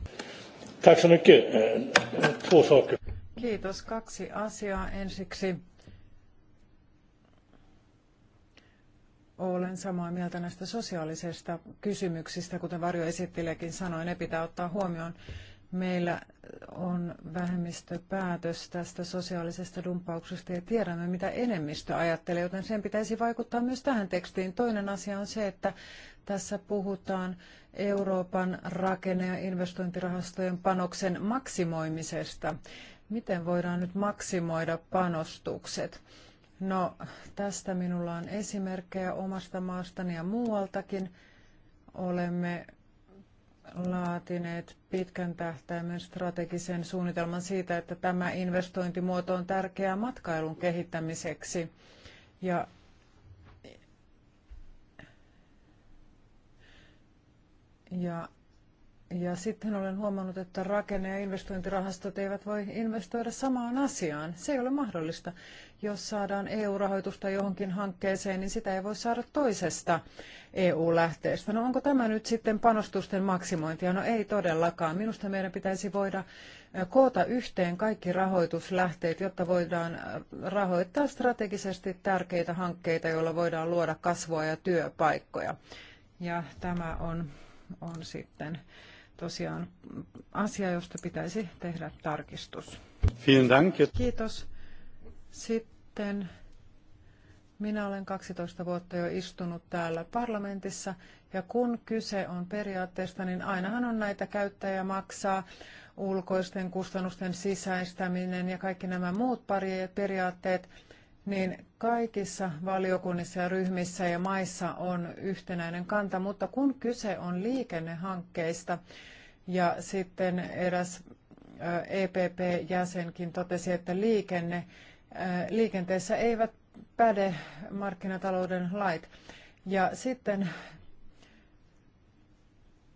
Eh, Kiitos. Kaksi asiaa. Ensiksi olen samaa mieltä näistä sosiaalisista kysymyksistä, kuten Varjo esittelijäkin sanoi, ne pitää ottaa huomioon meillä on vähemmistöpäätös tästä sosiaalisesta dumppauksesta ja tiedämme, mitä enemmistö ajattelee, joten sen pitäisi vaikuttaa myös tähän tekstiin. Toinen asia on se, että tässä puhutaan Euroopan rakenne- ja investointirahastojen panoksen maksimoimisesta. Miten voidaan nyt maksimoida panostukset? No, tästä minulla on esimerkkejä omasta maastani ja muualtakin. Olemme laatineet pitkän tähtäimen strategisen suunnitelman siitä, että tämä investointimuoto on tärkeää matkailun kehittämiseksi. Ja Ja, ja sitten olen huomannut, että rakenne- ja investointirahastot eivät voi investoida samaan asiaan. Se ei ole mahdollista. Jos saadaan EU-rahoitusta johonkin hankkeeseen, niin sitä ei voi saada toisesta EU-lähteestä. No onko tämä nyt sitten panostusten maksimointia? No ei todellakaan. Minusta meidän pitäisi voida koota yhteen kaikki rahoituslähteet, jotta voidaan rahoittaa strategisesti tärkeitä hankkeita, joilla voidaan luoda kasvua ja työpaikkoja. Ja tämä on, on sitten tosiaan asia, josta pitäisi tehdä tarkistus. Kiitos. Sitten minä olen 12 vuotta jo istunut täällä parlamentissa ja kun kyse on periaatteesta, niin ainahan on näitä käyttäjä maksaa, ulkoisten kustannusten sisäistäminen ja kaikki nämä muut periaatteet, niin kaikissa valiokunnissa ja ryhmissä ja maissa on yhtenäinen kanta, mutta kun kyse on liikennehankkeista ja sitten eräs EPP-jäsenkin totesi, että liikenne liikenteessä eivät päde markkinatalouden lait. Ja sitten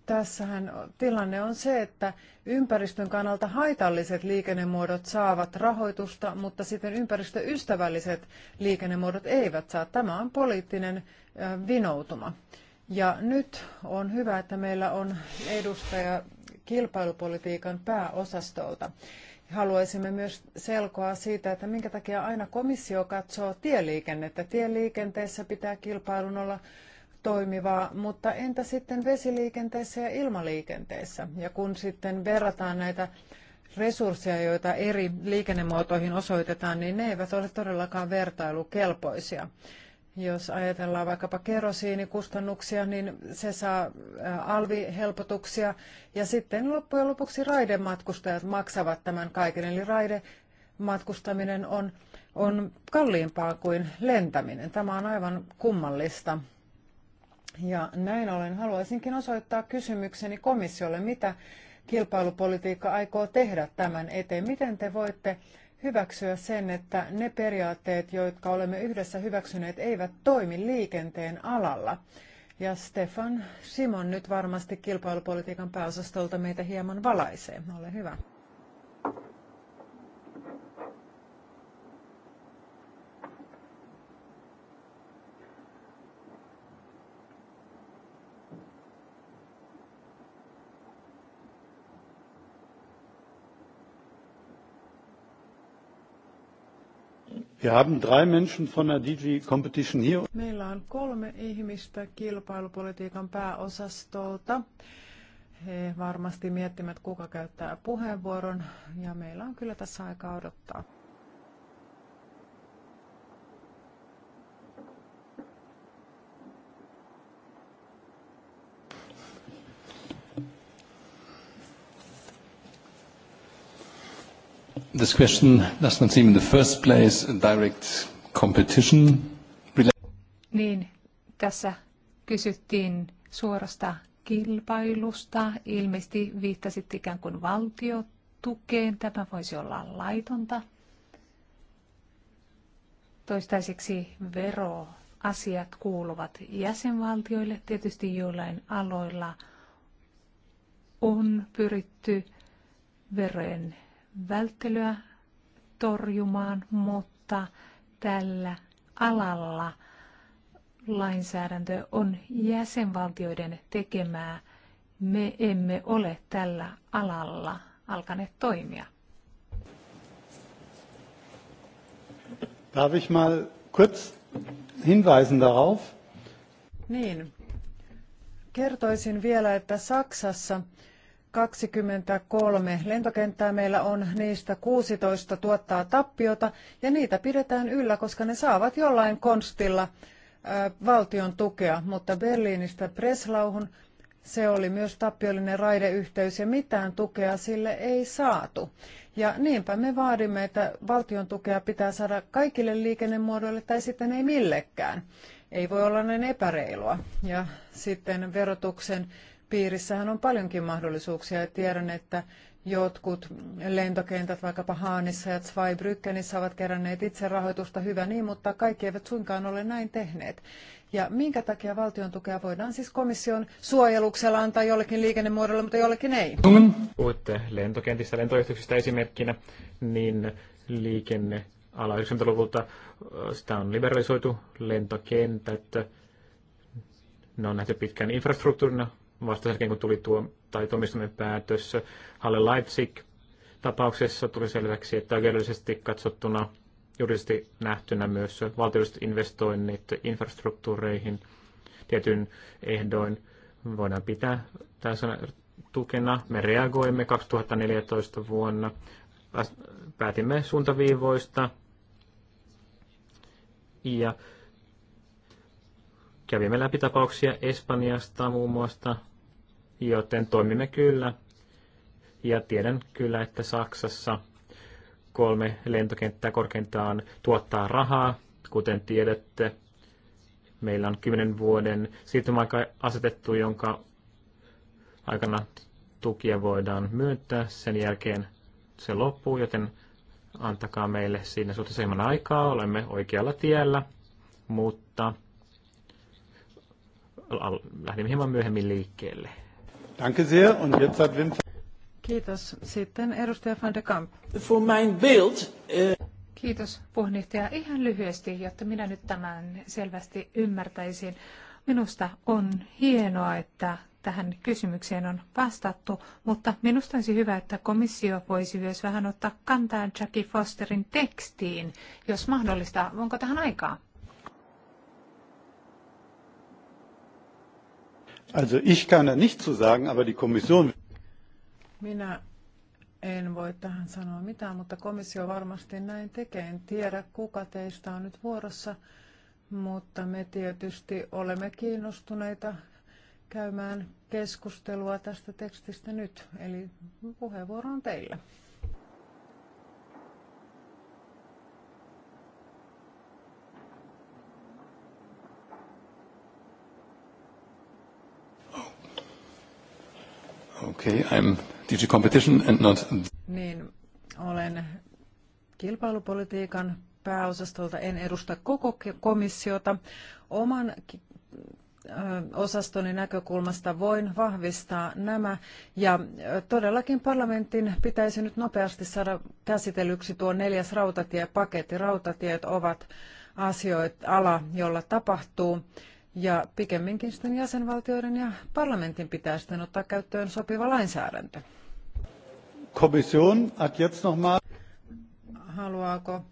tässähän tilanne on se, että ympäristön kannalta haitalliset liikennemuodot saavat rahoitusta, mutta sitten ympäristöystävälliset liikennemuodot eivät saa. Tämä on poliittinen vinoutuma. Ja nyt on hyvä, että meillä on edustaja kilpailupolitiikan pääosastolta haluaisimme myös selkoa siitä, että minkä takia aina komissio katsoo tieliikennettä. Tieliikenteessä pitää kilpailun olla toimivaa, mutta entä sitten vesiliikenteessä ja ilmaliikenteessä? Ja kun sitten verrataan näitä resursseja, joita eri liikennemuotoihin osoitetaan, niin ne eivät ole todellakaan vertailukelpoisia. Jos ajatellaan vaikkapa kerosiinikustannuksia, niin se saa alvihelpotuksia. Ja sitten loppujen lopuksi raidematkustajat maksavat tämän kaiken. Eli raidematkustaminen on, on kalliimpaa kuin lentäminen. Tämä on aivan kummallista. Ja näin ollen haluaisinkin osoittaa kysymykseni komissiolle, mitä kilpailupolitiikka aikoo tehdä tämän eteen. Miten te voitte hyväksyä sen, että ne periaatteet, jotka olemme yhdessä hyväksyneet, eivät toimi liikenteen alalla. Ja Stefan Simon nyt varmasti kilpailupolitiikan pääosastolta meitä hieman valaisee. Ole hyvä. Wir haben drei Menschen von der DG Competition hier. Meillä on kolme ihmistä kilpailupolitiikan pääosastolta. He varmasti miettivät, kuka käyttää puheenvuoron, ja meillä on kyllä tässä aikaa odottaa. this question does not seem in the first place a direct competition. Niin, tässä kysyttiin suorasta kilpailusta. Ilmeisesti viittasit ikään kuin valtiotukeen. Tämä voisi olla laitonta. Toistaiseksi veroasiat kuuluvat jäsenvaltioille. Tietysti joillain aloilla on pyritty verojen välttelyä torjumaan, mutta tällä alalla lainsäädäntö on jäsenvaltioiden tekemää. Me emme ole tällä alalla alkaneet toimia. Darf ich mal kurz hinweisen darauf? Niin. Kertoisin vielä, että Saksassa 23 lentokenttää meillä on, niistä 16 tuottaa tappiota ja niitä pidetään yllä, koska ne saavat jollain konstilla valtion tukea, mutta Berliinistä Breslauhun se oli myös tappiollinen raideyhteys ja mitään tukea sille ei saatu. Ja niinpä me vaadimme, että valtion tukea pitää saada kaikille liikennemuodoille tai sitten ei millekään. Ei voi olla näin epäreilua. Ja sitten verotuksen piirissähän on paljonkin mahdollisuuksia ja tiedän, että jotkut lentokentät, vaikkapa Haanissa ja Zweibrückenissä ovat keränneet itse rahoitusta, hyvä niin, mutta kaikki eivät suinkaan ole näin tehneet. Ja minkä takia valtion tukea voidaan siis komission suojeluksella antaa jollekin liikennemuodolle, mutta jollekin ei? Puhuitte lentokentistä, lentoyhteyksistä esimerkkinä, niin liikenne ala 90-luvulta sitä on liberalisoitu lentokentät. Ne on nähty pitkään infrastruktuurina, vasta sen kun tuli tuo tai tuomistamme päätös. Halle Leipzig tapauksessa tuli selväksi, että oikeudellisesti katsottuna juridisesti nähtynä myös valtiolliset investoinnit infrastruktuureihin tietyn ehdoin voidaan pitää tässä tukena. Me reagoimme 2014 vuonna, päätimme suuntaviivoista ja kävimme läpi tapauksia Espanjasta muun muassa joten toimimme kyllä. Ja tiedän kyllä, että Saksassa kolme lentokenttää korkeintaan tuottaa rahaa, kuten tiedätte. Meillä on kymmenen vuoden siirtymäaika asetettu, jonka aikana tukia voidaan myöntää. Sen jälkeen se loppuu, joten antakaa meille siinä suhteessa hieman aikaa. Olemme oikealla tiellä, mutta lähdemme hieman myöhemmin liikkeelle. Danke sehr. Und jetzt hat Wim... Kiitos. Sitten edustaja van de Kamp. For mein Bild, uh... Eh, Kiitos puheenjohtaja. Ihan lyhyesti, jotta minä nyt tämän selvästi ymmärtäisin. Minusta on hienoa, että tähän kysymykseen on vastattu, mutta minusta olisi hyvä, että komissio voisi myös vähän ottaa kantaa Jackie Fosterin tekstiin, jos mahdollista. Onko tähän aikaa? Also ich kann da nicht zu sagen, aber die Kommission... Minä en voi tähän sanoa mitään, mutta komissio varmasti näin tekee. En tiedä, kuka teistä on nyt vuorossa, mutta me tietysti olemme kiinnostuneita käymään keskustelua tästä tekstistä nyt. Eli puheenvuoro on teillä. Okay, I'm DG Competition and not... Niin, olen kilpailupolitiikan pääosastolta, en edusta koko komissiota. Oman osastoni näkökulmasta voin vahvistaa nämä. Ja todellakin parlamentin pitäisi nyt nopeasti saada käsitellyksi tuo neljäs rautatiepaketti. Rautatiet ovat asioita, ala, jolla tapahtuu ja pikemminkin sitten jäsenvaltioiden ja parlamentin pitää sitten ottaa käyttöön sopiva lainsäädäntö. Komission hat jetzt Haluaako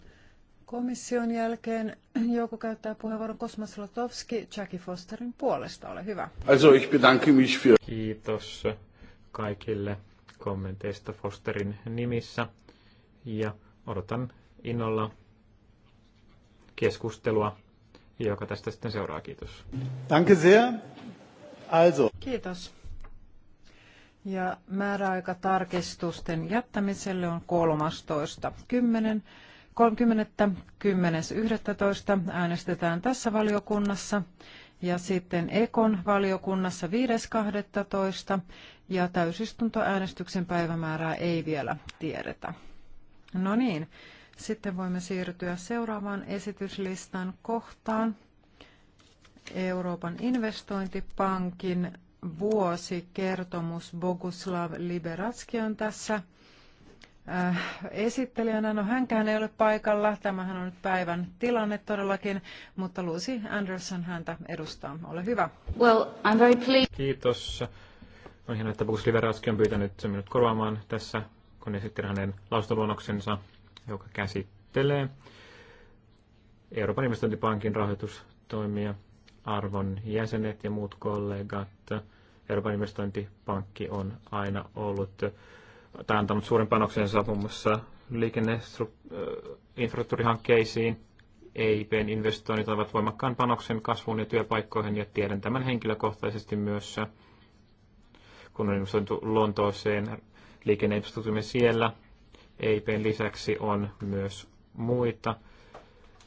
komission jälkeen joku käyttää puheenvuoron Kosmas Lotowski Jackie Fosterin puolesta? Ole hyvä. Also ich bedanke mich für... Kiitos kaikille kommenteista Fosterin nimissä ja odotan innolla keskustelua joka tästä sitten seuraa. Kiitos. Danke sehr. Also. Kiitos. Ja määräaika tarkistusten jättämiselle on 13. äänestetään tässä valiokunnassa ja sitten Ekon valiokunnassa 5.12. ja täysistuntoäänestyksen päivämäärää ei vielä tiedetä. No niin, sitten voimme siirtyä seuraavaan esityslistan kohtaan. Euroopan investointipankin vuosikertomus Boguslav Liberatski on tässä äh, esittelijänä. No hänkään ei ole paikalla. Tämähän on nyt päivän tilanne todellakin, mutta Lucy Anderson häntä edustaa. Ole hyvä. Well, I'm very pleased. Kiitos. On hienoa, että Boguslav Liberatski on pyytänyt minut korvaamaan tässä, kun esittelen hänen lausuntoluonnoksensa joka käsittelee Euroopan investointipankin rahoitustoimia, arvon jäsenet ja muut kollegat. Euroopan investointipankki on aina ollut tai antanut suuren panoksen saapumassa liikenneinfrastruktuurihankkeisiin. EIPn investoinnit ovat voimakkaan panoksen kasvuun ja työpaikkoihin ja tiedän tämän henkilökohtaisesti myös, kun on investoitu Lontooseen liikenneinfrastruktuurimme siellä EIPn lisäksi on myös muita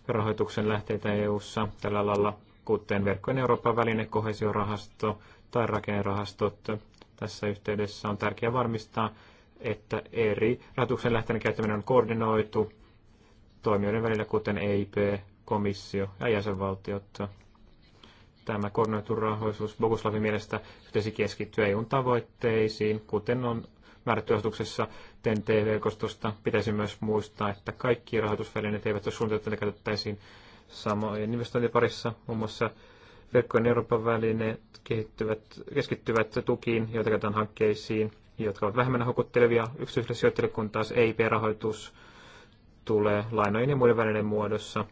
rahoituksen lähteitä EU:ssa tällä lailla, kuten verkkojen Euroopan väline, kohesiorahasto tai rakennerahastot. Tässä yhteydessä on tärkeää varmistaa, että eri rahoituksen lähteiden käyttäminen on koordinoitu toimijoiden välillä, kuten EIP, komissio ja jäsenvaltiot. Tämä koordinoitu rahoitus Boguslavin mielestä pitäisi keskittyä EUn tavoitteisiin, kuten on määrätty ten tv kostosta Pitäisi myös muistaa, että kaikki rahoitusvälineet eivät ole suunniteltu, että käytettäisiin samojen investointiparissa. Muun muassa verkkojen Euroopan välineet kehittyvät, keskittyvät tukiin, joita käytetään hankkeisiin, jotka ovat vähemmän houkuttelevia yksityisille sijoittajille, kun taas EIP-rahoitus tulee lainojen ja muiden välineiden muodossa.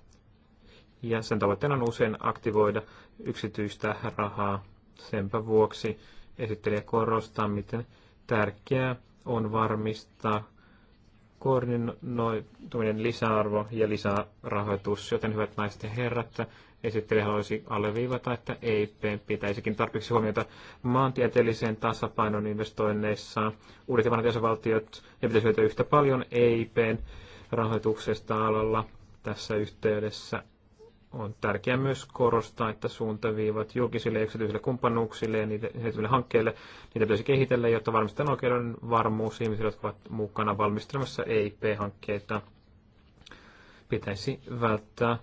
Ja sen tavoitteena on usein aktivoida yksityistä rahaa. Senpä vuoksi esittelijä korostaa, miten Tärkeää on varmistaa koordinoituminen lisäarvo ja lisärahoitus, joten hyvät naiset ja herrat, esittelijä haluaisi alleviivata, että EIP pitäisikin tarpeeksi huomiota maantieteelliseen tasapainon investoinneissa. Uudet ja vanhat jäsenvaltiot ne pitäisi hyötyä yhtä paljon EIPn rahoituksesta alalla tässä yhteydessä on tärkeää myös korostaa, että suuntaviivat julkisille ja yksityisille kumppanuuksille ja niitä hankkeille, niitä pitäisi kehitellä, jotta varmistetaan oikeuden varmuus ihmisille, jotka ovat mukana valmistelemassa EIP-hankkeita. Pitäisi välttää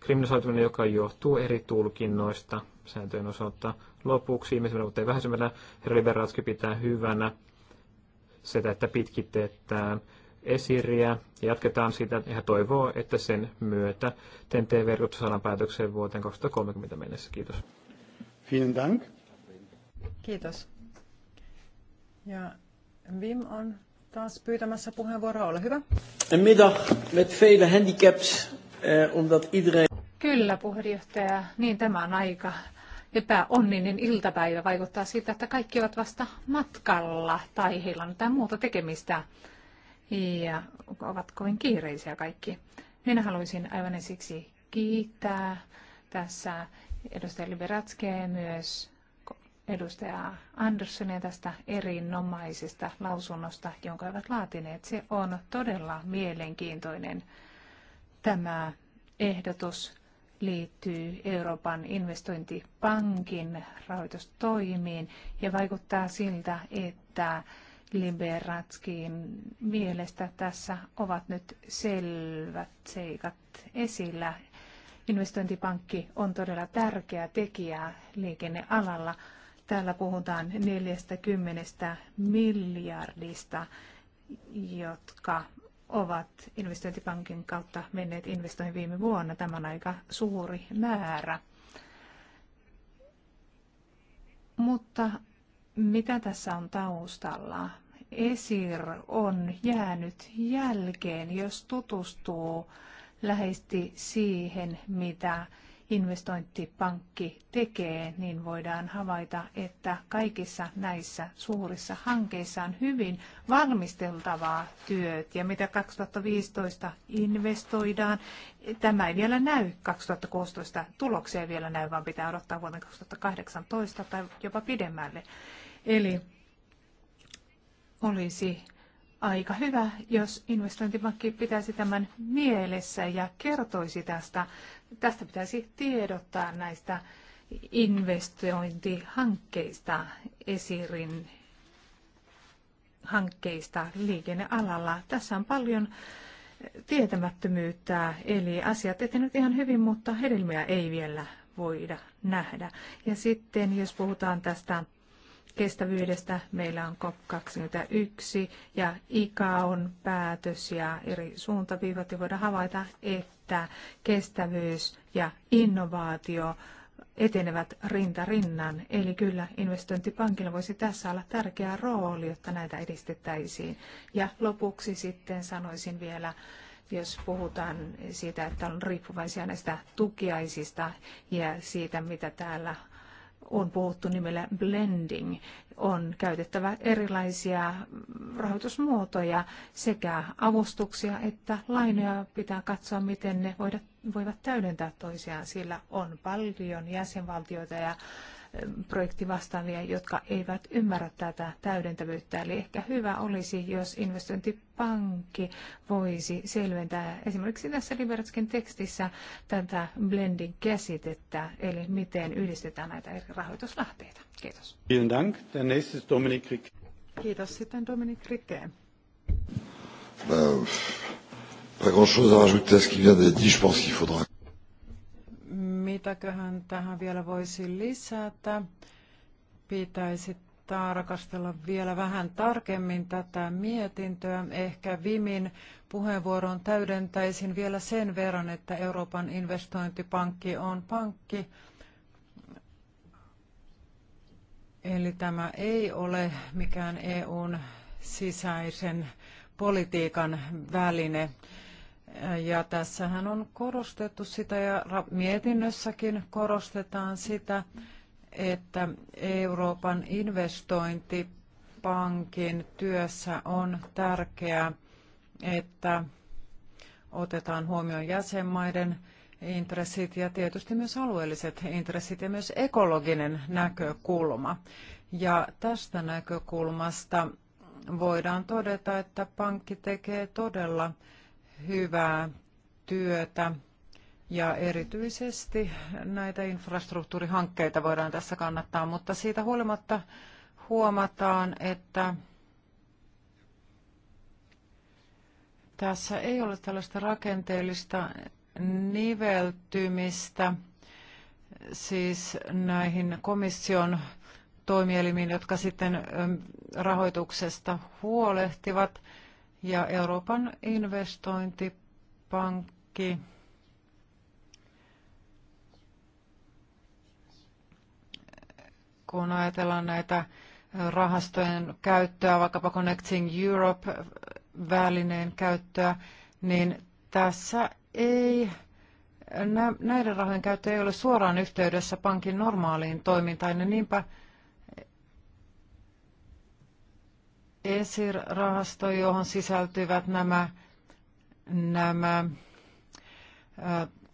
kriminalisoituminen, joka johtuu eri tulkinnoista sääntöjen osalta. Lopuksi ihmisille, mutta ei vähäisemmällä, pitää hyvänä sitä, että pitkitetään esiriä ja jatketaan sitä ja toivoo, että sen myötä tnt verkot saadaan päätökseen vuoteen 2030 mennessä. Kiitos. Vielen Dank. Kiitos. Ja Wim on taas pyytämässä puheenvuoroa. Ole hyvä. En middag met vele handicaps, eh, omdat iedereen... Kyllä, puheenjohtaja. Niin tämä on aika epäonninen iltapäivä. Vaikuttaa siltä, että kaikki ovat vasta matkalla tai heillä on jotain muuta tekemistä ja ovat kovin kiireisiä kaikki. Minä haluaisin aivan ensiksi kiittää tässä edustaja Liberatskia ja myös edustaja Anderssonia tästä erinomaisesta lausunnosta, jonka ovat laatineet. Se on todella mielenkiintoinen tämä ehdotus liittyy Euroopan investointipankin rahoitustoimiin ja vaikuttaa siltä, että Liberatskin mielestä tässä ovat nyt selvät seikat esillä. Investointipankki on todella tärkeä tekijä liikennealalla. Täällä puhutaan 40 miljardista, jotka ovat investointipankin kautta menneet investoihin viime vuonna. Tämä on aika suuri määrä. Mutta mitä tässä on taustalla? Esir on jäänyt jälkeen, jos tutustuu läheisesti siihen, mitä investointipankki tekee, niin voidaan havaita, että kaikissa näissä suurissa hankkeissa on hyvin valmisteltavaa työt. Ja mitä 2015 investoidaan, tämä ei vielä näy 2016. Tuloksia ei vielä näy, vaan pitää odottaa vuoden 2018 tai jopa pidemmälle. Eli olisi aika hyvä, jos investointipankki pitäisi tämän mielessä ja kertoisi tästä. Tästä pitäisi tiedottaa näistä investointihankkeista, esirin hankkeista liikennealalla. Tässä on paljon tietämättömyyttä, eli asiat etenevät ihan hyvin, mutta hedelmiä ei vielä voida nähdä. Ja sitten jos puhutaan tästä kestävyydestä. Meillä on COP21 ja on päätös ja eri suuntaviivat ja voidaan havaita, että kestävyys ja innovaatio etenevät rinta rinnan. Eli kyllä investointipankilla voisi tässä olla tärkeä rooli, jotta näitä edistettäisiin. Ja lopuksi sitten sanoisin vielä, jos puhutaan siitä, että on riippuvaisia näistä tukiaisista ja siitä, mitä täällä on puhuttu nimellä blending. On käytettävä erilaisia rahoitusmuotoja, sekä avustuksia että lainoja pitää katsoa, miten ne voivat täydentää toisiaan, sillä on paljon jäsenvaltioita ja projektivastaavia, jotka eivät ymmärrä tätä täydentävyyttä. Eli ehkä hyvä olisi, jos investointipankki voisi selventää esimerkiksi tässä Libertskin tekstissä tätä blending käsitettä, eli miten yhdistetään näitä eri rahoituslähteitä. Kiitos. Dank. Der nächste ist Dominik Kiitos. Sitten Dominik Rikke. Pas grand chose à rajouter à ce qui vient d'être dit, je pense qu'il faudra. Mitäköhän tähän vielä voisi lisätä? Pitäisi tarkastella vielä vähän tarkemmin tätä mietintöä. Ehkä Vimin puheenvuoron täydentäisin vielä sen verran, että Euroopan investointipankki on pankki, Eli tämä ei ole mikään EUn sisäisen politiikan väline. Ja tässähän on korostettu sitä ja mietinnössäkin korostetaan sitä, että Euroopan investointipankin työssä on tärkeää, että otetaan huomioon jäsenmaiden intressit ja tietysti myös alueelliset intressit ja myös ekologinen näkökulma. Ja tästä näkökulmasta voidaan todeta, että pankki tekee todella hyvää työtä. Ja erityisesti näitä infrastruktuurihankkeita voidaan tässä kannattaa, mutta siitä huolimatta huomataan, että tässä ei ole tällaista rakenteellista niveltymistä siis näihin komission toimielimiin, jotka sitten rahoituksesta huolehtivat ja Euroopan investointipankki kun ajatellaan näitä rahastojen käyttöä, vaikkapa Connecting Europe-välineen käyttöä, niin tässä ei, näiden rahojen käyttö ei ole suoraan yhteydessä pankin normaaliin toimintaan, ja niinpä ESIR-rahasto, johon sisältyvät nämä, nämä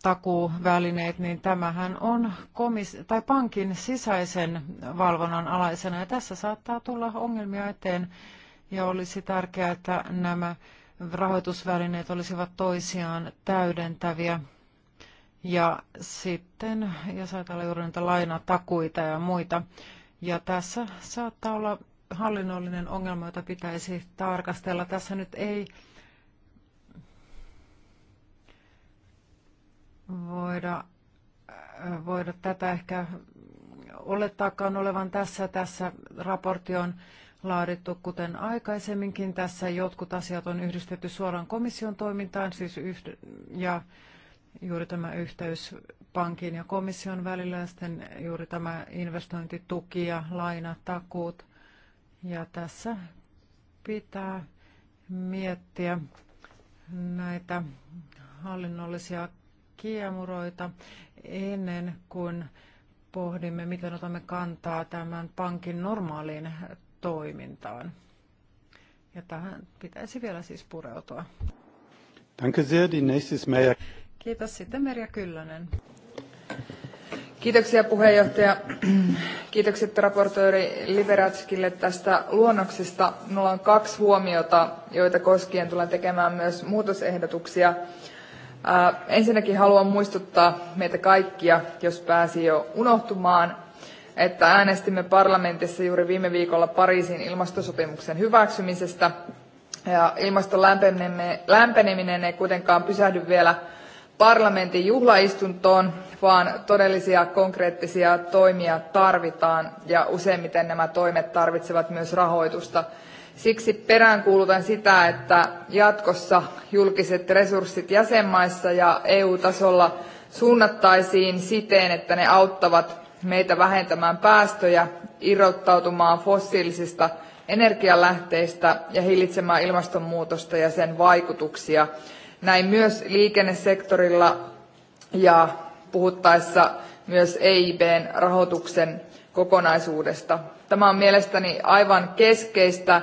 takuvälineet, niin tämähän on komis- tai pankin sisäisen valvonnan alaisena. Ja tässä saattaa tulla ongelmia eteen ja olisi tärkeää, että nämä rahoitusvälineet olisivat toisiaan täydentäviä. Ja sitten, jos ajatellaan juuri näitä lainatakuita ja muita, ja tässä saattaa olla hallinnollinen ongelma, jota pitäisi tarkastella. Tässä nyt ei voida, äh, voida tätä ehkä olettaakaan olevan tässä. Tässä raportti on laadittu, kuten aikaisemminkin. Tässä jotkut asiat on yhdistetty suoraan komission toimintaan, siis yhd- ja juuri tämä yhteys pankin ja komission välillä, ja sitten juuri tämä investointituki ja lainatakuut. Ja tässä pitää miettiä näitä hallinnollisia kiemuroita ennen kuin pohdimme, miten otamme kantaa tämän pankin normaaliin toimintaan. Ja tähän pitäisi vielä siis pureutua. Danke sehr, die nächste Kiitos sitten Merja Kyllönen. Kiitoksia puheenjohtaja. Kiitokset raportööri Liberatskille tästä luonnoksesta. Minulla on kaksi huomiota, joita koskien tulen tekemään myös muutosehdotuksia. Ensinnäkin haluan muistuttaa meitä kaikkia, jos pääsi jo unohtumaan, että äänestimme parlamentissa juuri viime viikolla Pariisin ilmastosopimuksen hyväksymisestä. Ja ilmaston lämpeneminen ei kuitenkaan pysähdy vielä parlamentin juhlaistuntoon, vaan todellisia konkreettisia toimia tarvitaan ja useimmiten nämä toimet tarvitsevat myös rahoitusta. Siksi peräänkuulutan sitä, että jatkossa julkiset resurssit jäsenmaissa ja EU-tasolla suunnattaisiin siten, että ne auttavat meitä vähentämään päästöjä, irrottautumaan fossiilisista energialähteistä ja hillitsemään ilmastonmuutosta ja sen vaikutuksia näin myös liikennesektorilla ja puhuttaessa myös EIBn rahoituksen kokonaisuudesta. Tämä on mielestäni aivan keskeistä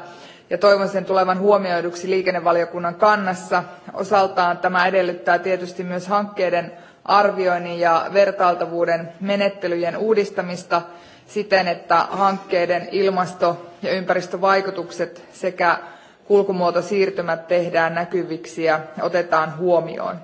ja toivon sen tulevan huomioiduksi liikennevaliokunnan kannassa. Osaltaan tämä edellyttää tietysti myös hankkeiden arvioinnin ja vertailtavuuden menettelyjen uudistamista siten, että hankkeiden ilmasto- ja ympäristövaikutukset sekä kulkumuotosiirtymät tehdään näkyviksi ja otetaan huomioon.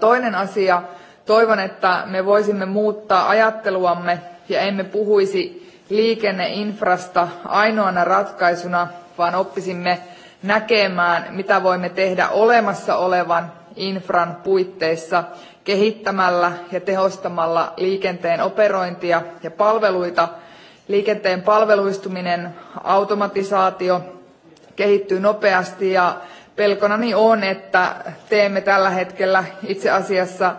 Toinen asia, toivon, että me voisimme muuttaa ajatteluamme ja emme puhuisi liikenneinfrasta ainoana ratkaisuna, vaan oppisimme näkemään, mitä voimme tehdä olemassa olevan infran puitteissa kehittämällä ja tehostamalla liikenteen operointia ja palveluita. Liikenteen palveluistuminen, automatisaatio kehittyy nopeasti ja pelkonani on, että teemme tällä hetkellä itse asiassa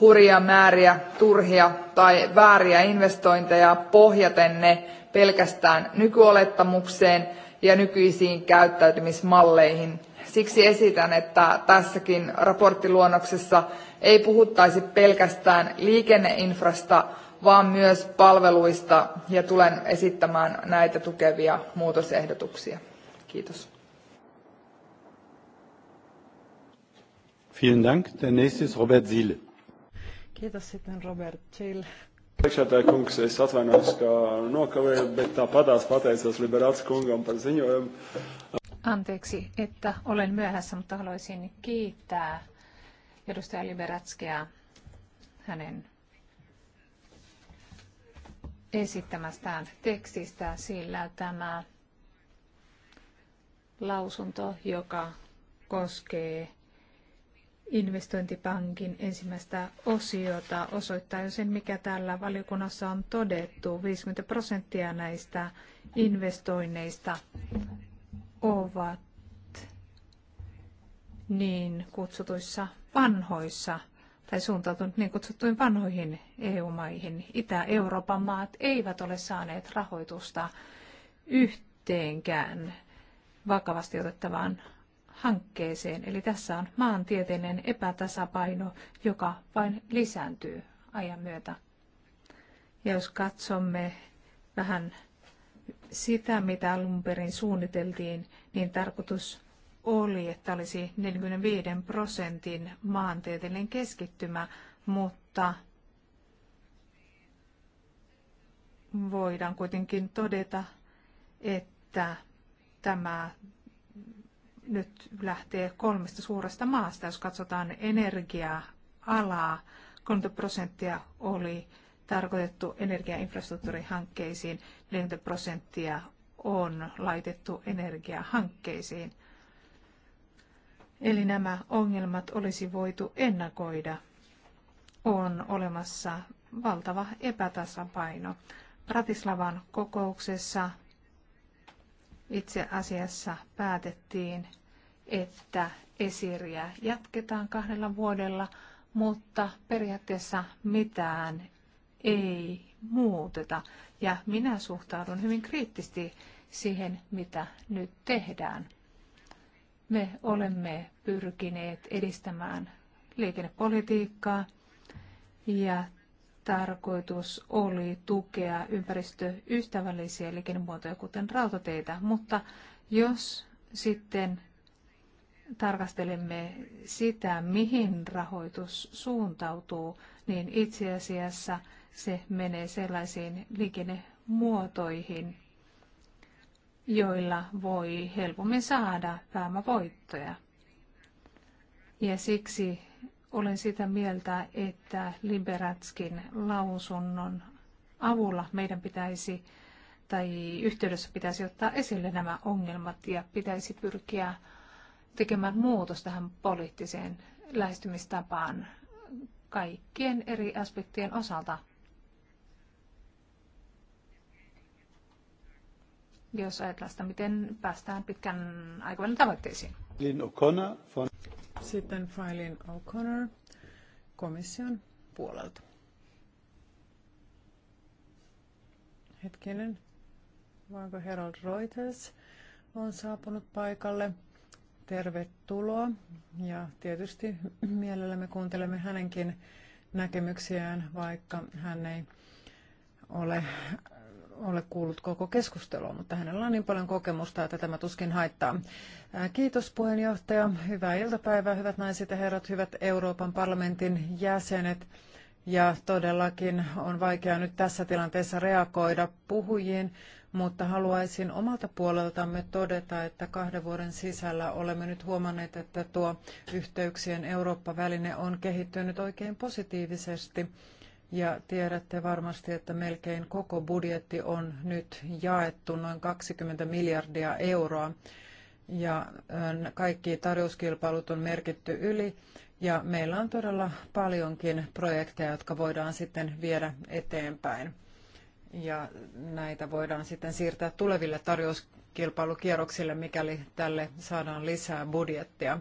hurjia määriä turhia tai vääriä investointeja pohjaten ne pelkästään nykyolettamukseen ja nykyisiin käyttäytymismalleihin. Siksi esitän, että tässäkin raporttiluonnoksessa ei puhuttaisi pelkästään liikenneinfrasta, vaan myös palveluista ja tulen esittämään näitä tukevia muutosehdotuksia. Kiitos. Vielen Dank. Der nächste ist Robert Siele. Kiitos sitten Robert Siele. es atvainojos, ka nokavēju, bet tāpatās pateicos Liberāts kungam par ziņojumu. Anteeksi, että olen myöhässä, mutta haluaisin kiittää edustaja Liberatskia hänen esittämästään tekstistä, sillä tämä lausunto, joka koskee investointipankin ensimmäistä osiota, osoittaa jo sen, mikä täällä valiokunnassa on todettu. 50 prosenttia näistä investoinneista ovat niin kutsutuissa vanhoissa tai suuntautunut niin kutsuttuihin vanhoihin EU-maihin. Itä-Euroopan maat eivät ole saaneet rahoitusta yhteenkään vakavasti otettavaan hankkeeseen. Eli tässä on maantieteellinen epätasapaino, joka vain lisääntyy ajan myötä. Ja jos katsomme vähän sitä, mitä alun perin suunniteltiin, niin tarkoitus oli, että olisi 45 prosentin maantieteellinen keskittymä, mutta voidaan kuitenkin todeta, että tämä nyt lähtee kolmesta suuresta maasta. Jos katsotaan energia-alaa, 30 prosenttia oli tarkoitettu energiainfrastruktuurihankkeisiin, 40 prosenttia on laitettu energiahankkeisiin. Eli nämä ongelmat olisi voitu ennakoida. On olemassa valtava epätasapaino. Bratislavan kokouksessa itse asiassa päätettiin, että esiriä jatketaan kahdella vuodella, mutta periaatteessa mitään ei muuteta. Ja minä suhtaudun hyvin kriittisesti siihen, mitä nyt tehdään. Me olemme pyrkineet edistämään liikennepolitiikkaa ja tarkoitus oli tukea ympäristöystävällisiä liikennemuotoja, kuten rautateitä, mutta jos sitten tarkastelemme sitä, mihin rahoitus suuntautuu, niin itse asiassa se menee sellaisiin liikennemuotoihin, joilla voi helpommin saada pääomavoittoja. Ja siksi olen sitä mieltä, että Liberatskin lausunnon avulla meidän pitäisi tai yhteydessä pitäisi ottaa esille nämä ongelmat ja pitäisi pyrkiä tekemään muutos tähän poliittiseen lähestymistapaan kaikkien eri aspektien osalta. jos ajatellaan sitä, miten päästään pitkän aikavälin tavoitteisiin. Sitten Filin O'Connor komission puolelta. Hetkinen, vaanko Herald Reuters on saapunut paikalle. Tervetuloa ja tietysti mielellämme kuuntelemme hänenkin näkemyksiään, vaikka hän ei ole ole kuullut koko keskustelua, mutta hänellä on niin paljon kokemusta, että tämä tuskin haittaa. Kiitos puheenjohtaja. Hyvää iltapäivää, hyvät naiset ja herrat, hyvät Euroopan parlamentin jäsenet. Ja todellakin on vaikea nyt tässä tilanteessa reagoida puhujiin, mutta haluaisin omalta puoleltamme todeta, että kahden vuoden sisällä olemme nyt huomanneet, että tuo yhteyksien Eurooppa-väline on kehittynyt oikein positiivisesti ja tiedätte varmasti, että melkein koko budjetti on nyt jaettu noin 20 miljardia euroa. Ja kaikki tarjouskilpailut on merkitty yli. Ja meillä on todella paljonkin projekteja, jotka voidaan sitten viedä eteenpäin. Ja näitä voidaan sitten siirtää tuleville tarjouskilpailukierroksille, mikäli tälle saadaan lisää budjettia.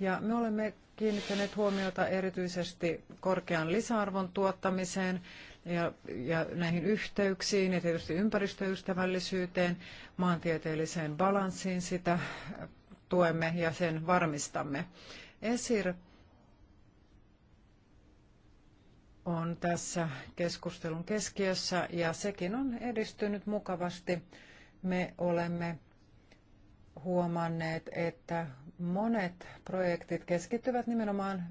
Ja me olemme kiinnittäneet huomiota erityisesti korkean lisäarvon tuottamiseen ja, ja näihin yhteyksiin ja tietysti ympäristöystävällisyyteen, maantieteelliseen balanssiin sitä tuemme ja sen varmistamme. ESIR on tässä keskustelun keskiössä ja sekin on edistynyt mukavasti. Me olemme huomanneet, että monet projektit keskittyvät nimenomaan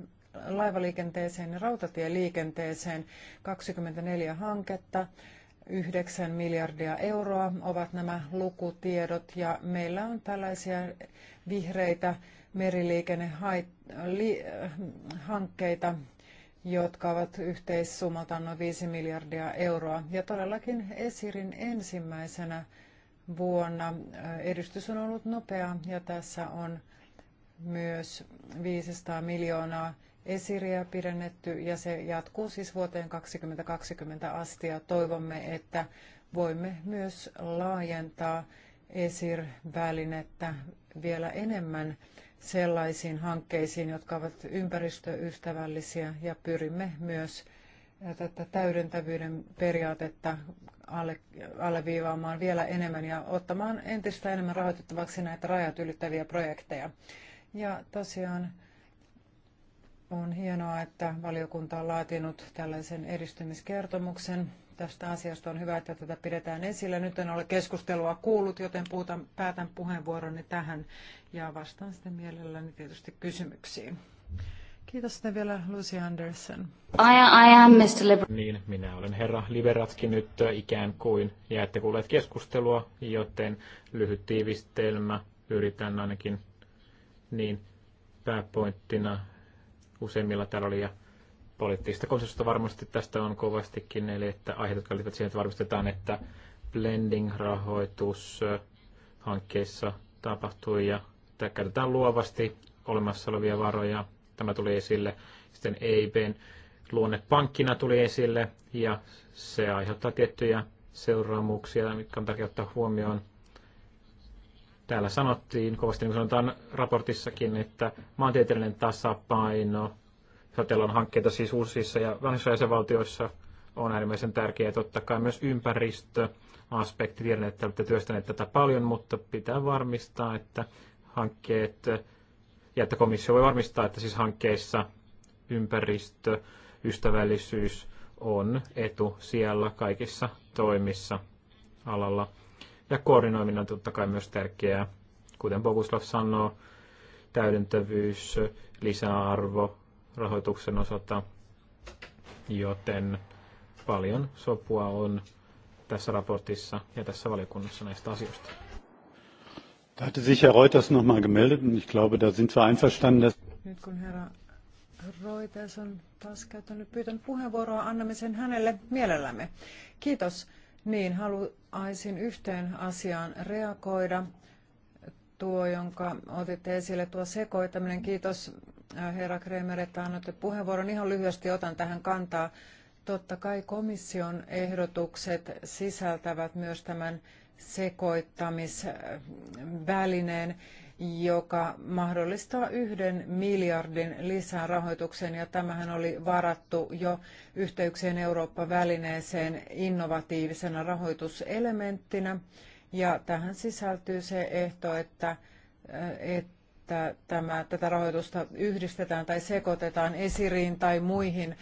laivaliikenteeseen ja rautatieliikenteeseen. 24 hanketta, 9 miljardia euroa ovat nämä lukutiedot ja meillä on tällaisia vihreitä meriliikennehankkeita, jotka ovat yhteissummaltaan noin 5 miljardia euroa. Ja todellakin Esirin ensimmäisenä vuonna edistys on ollut nopea ja tässä on myös 500 miljoonaa esiriä pidennetty ja se jatkuu siis vuoteen 2020 asti ja toivomme, että voimme myös laajentaa ESIR-välinettä vielä enemmän sellaisiin hankkeisiin, jotka ovat ympäristöystävällisiä ja pyrimme myös äh, tätä täydentävyyden periaatetta alle, alleviivaamaan vielä enemmän ja ottamaan entistä enemmän rahoitettavaksi näitä rajat ylittäviä projekteja. Ja tosiaan on hienoa, että valiokunta on laatinut tällaisen edistymiskertomuksen. Tästä asiasta on hyvä, että tätä pidetään esillä. Nyt en ole keskustelua kuullut, joten puhutan, päätän puheenvuoroni tähän ja vastaan sitten mielelläni tietysti kysymyksiin. Kiitos sitten vielä Lucy Anderson. I, I am Mr. Liber- niin, minä olen herra Liberatski nyt äh, ikään kuin. Ja ette kuulleet keskustelua, joten lyhyt tiivistelmä. Yritän ainakin niin pääpointtina useimmilla täällä oli ja poliittista konsensusta varmasti tästä on kovastikin, eli että aiheet, jotka liittyvät siihen, että varmistetaan, että blending-rahoitus hankkeissa tapahtui ja että käytetään luovasti olemassa olevia varoja. Tämä tuli esille. Sitten EIBn luonne pankkina tuli esille ja se aiheuttaa tiettyjä seuraamuksia, mitkä on tärkeää ottaa huomioon. Täällä sanottiin kovasti, niin kuin sanotaan raportissakin, että maantieteellinen tasapaino, satelon hankkeita siis uusissa ja vanhissa jäsenvaltioissa, on äärimmäisen tärkeää. Totta kai myös ympäristöaspekti. Tiedän, että olette työstäneet tätä paljon, mutta pitää varmistaa, että hankkeet ja että komissio voi varmistaa, että siis hankkeissa ympäristö, ystävällisyys on etu siellä kaikissa toimissa alalla. Ja koordinoiminen on totta kai myös tärkeää. Kuten Boguslav sanoo, täydentävyys, lisäarvo rahoituksen osalta, joten paljon sopua on tässä raportissa ja tässä valiokunnassa näistä asioista. Da hatte sich Herr Reuters nochmal gemeldet und ich glaube, da sind wir einverstanden, dass... Nyt kun herra Reuters on taas käyttänyt pyytänyt puheenvuoroa, annamme sen hänelle mielellämme. Kiitos. Niin, haluaisin yhteen asiaan reagoida. Tuo, jonka otitte esille, tuo sekoittaminen. Kiitos äh, herra Kremer, että annoitte puheenvuoron. Ihan lyhyesti otan tähän kantaa. Totta kai komission ehdotukset sisältävät myös tämän sekoittamisvälineen joka mahdollistaa yhden miljardin lisärahoituksen, ja tämähän oli varattu jo yhteyksien Eurooppa-välineeseen innovatiivisena rahoituselementtinä, ja tähän sisältyy se ehto, että, että tämä, tätä rahoitusta yhdistetään tai sekoitetaan esiriin tai muihin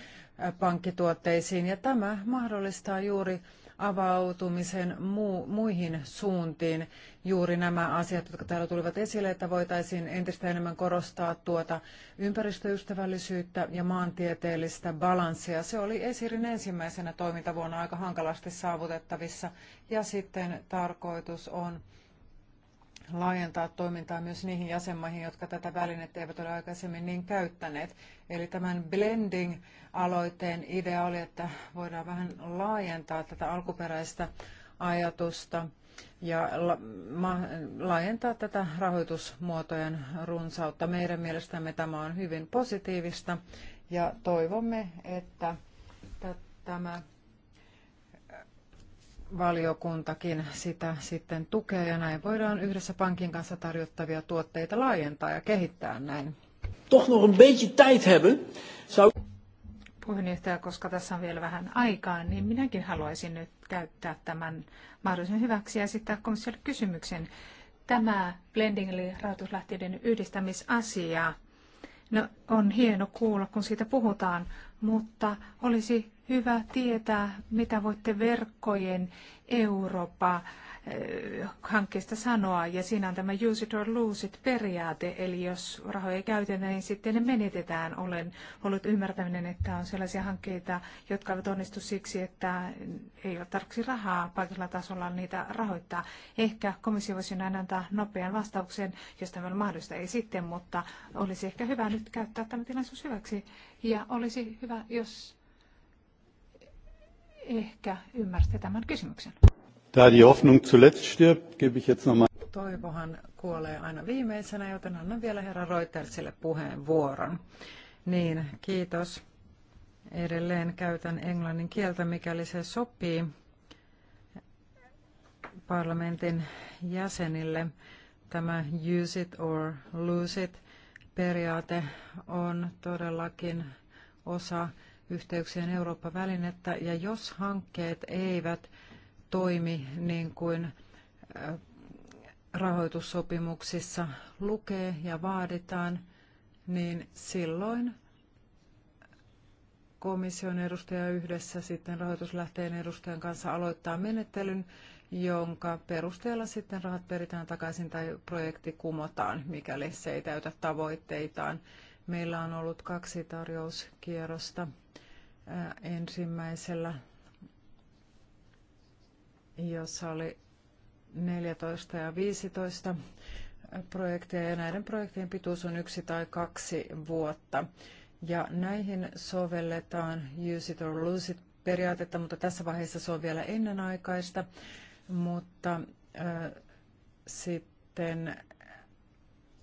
pankkituotteisiin, ja tämä mahdollistaa juuri avautumisen muihin suuntiin juuri nämä asiat, jotka täällä tulivat esille, että voitaisiin entistä enemmän korostaa tuota ympäristöystävällisyyttä ja maantieteellistä balanssia. Se oli Esirin ensimmäisenä toimintavuonna aika hankalasti saavutettavissa ja sitten tarkoitus on laajentaa toimintaa myös niihin jäsenmaihin, jotka tätä välinettä eivät ole aikaisemmin niin käyttäneet. Eli tämän blending-aloitteen idea oli, että voidaan vähän laajentaa tätä alkuperäistä ajatusta ja laajentaa tätä rahoitusmuotojen runsautta. Meidän mielestämme tämä on hyvin positiivista ja toivomme, että tämä valiokuntakin sitä sitten tukee ja näin voidaan yhdessä pankin kanssa tarjottavia tuotteita laajentaa ja kehittää näin. Toch nog een beetje tijd hebben. Zou... Puheenjohtaja, koska tässä on vielä vähän aikaa, niin minäkin haluaisin nyt käyttää tämän mahdollisen hyväksi ja esittää komissiolle kysymyksen. Tämä blending eli rahoituslähteiden yhdistämisasia, no, on hieno kuulla, kun siitä puhutaan, mutta olisi hyvä tietää, mitä voitte verkkojen Eurooppa hankkeesta sanoa, ja siinä on tämä use it or lose it periaate, eli jos rahoja ei käytetä, niin sitten ne menetetään. Olen ollut ymmärtäminen, että on sellaisia hankkeita, jotka eivät onnistu siksi, että ei ole tarpeeksi rahaa paikalla tasolla niitä rahoittaa. Ehkä komissio voisi näin antaa nopean vastauksen, jos tämä on mahdollista, ei sitten, mutta olisi ehkä hyvä nyt käyttää tämä tilaisuus hyväksi, ja olisi hyvä, jos ehkä ymmärsitte tämän kysymyksen. Toivohan kuolee aina viimeisenä, joten annan vielä herra Reutersille puheenvuoron. Niin, kiitos. Edelleen käytän englannin kieltä, mikäli se sopii parlamentin jäsenille. Tämä use it or lose it periaate on todellakin osa yhteyksien Eurooppa-välinettä, ja jos hankkeet eivät toimi niin kuin rahoitussopimuksissa lukee ja vaaditaan, niin silloin komission edustaja yhdessä sitten rahoituslähteen edustajan kanssa aloittaa menettelyn, jonka perusteella sitten rahat peritään takaisin tai projekti kumotaan, mikäli se ei täytä tavoitteitaan. Meillä on ollut kaksi tarjouskierrosta. Ensimmäisellä, jossa oli 14 ja 15 projekteja ja näiden projektien pituus on yksi tai kaksi vuotta. Ja näihin sovelletaan use it or lose it periaatetta, mutta tässä vaiheessa se on vielä ennenaikaista. Mutta äh, sitten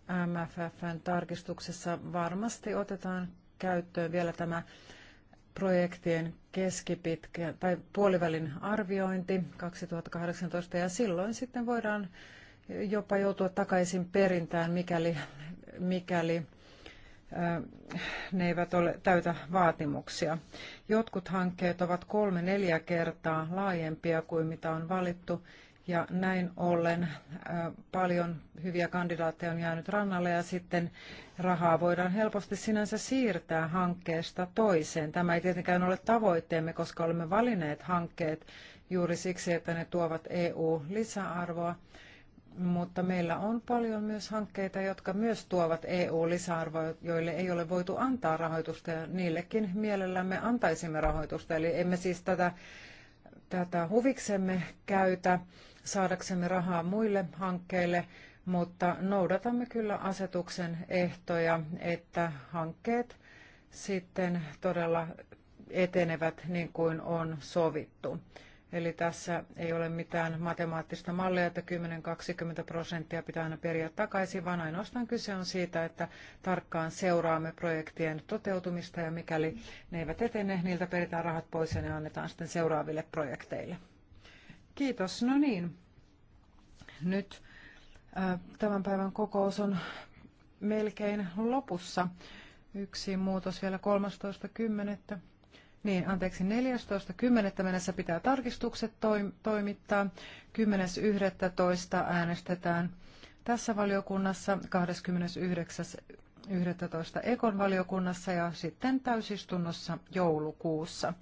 MFFn tarkistuksessa varmasti otetaan käyttöön vielä tämä projektien keskipitkä tai puolivälin arviointi 2018 ja silloin sitten voidaan jopa joutua takaisin perintään, mikäli, mikäli äh, ne eivät ole täytä vaatimuksia. Jotkut hankkeet ovat kolme-neljä kertaa laajempia kuin mitä on valittu ja näin ollen äh, paljon hyviä kandidaatteja on jäänyt rannalle ja sitten rahaa voidaan helposti sinänsä siirtää hankkeesta toiseen. Tämä ei tietenkään ole tavoitteemme, koska olemme valinneet hankkeet juuri siksi, että ne tuovat EU-lisäarvoa. Mutta meillä on paljon myös hankkeita, jotka myös tuovat EU-lisäarvoa, joille ei ole voitu antaa rahoitusta ja niillekin mielellämme antaisimme rahoitusta. Eli emme siis tätä, tätä huviksemme käytä saadaksemme rahaa muille hankkeille, mutta noudatamme kyllä asetuksen ehtoja, että hankkeet sitten todella etenevät niin kuin on sovittu. Eli tässä ei ole mitään matemaattista mallia, että 10-20 prosenttia pitää aina periä takaisin, vaan ainoastaan kyse on siitä, että tarkkaan seuraamme projektien toteutumista ja mikäli ne eivät etene, niiltä peritään rahat pois ja ne annetaan sitten seuraaville projekteille. Kiitos. No niin. Nyt tämän päivän kokous on melkein lopussa. Yksi muutos vielä 13.10. Niin, anteeksi, 14.10. mennessä pitää tarkistukset toimittaa. 10.11. äänestetään tässä valiokunnassa, 29.11. Ekon valiokunnassa ja sitten täysistunnossa joulukuussa.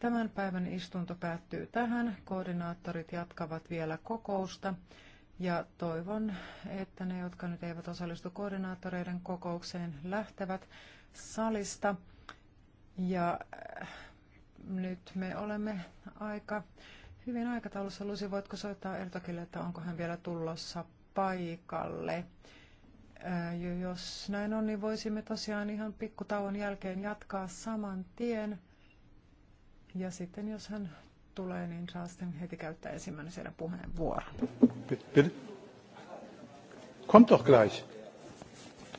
Tämän päivän istunto päättyy tähän. Koordinaattorit jatkavat vielä kokousta. Ja toivon, että ne, jotka nyt eivät osallistu koordinaattoreiden kokoukseen, lähtevät salista. Ja äh, nyt me olemme aika hyvin aikataulussa. Lusi, voitko soittaa Ertokille, että onko hän vielä tulossa paikalle? Äh, jos näin on, niin voisimme tosiaan ihan pikkutauon jälkeen jatkaa saman tien. Ja sitten jos hän tulee, niin saa sitten heti käyttää ensimmäisenä puheenvuoron. Bitte? Kommt doch gleich.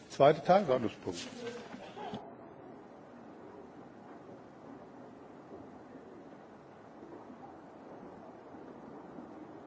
Zweite Tagesordnungspunkt.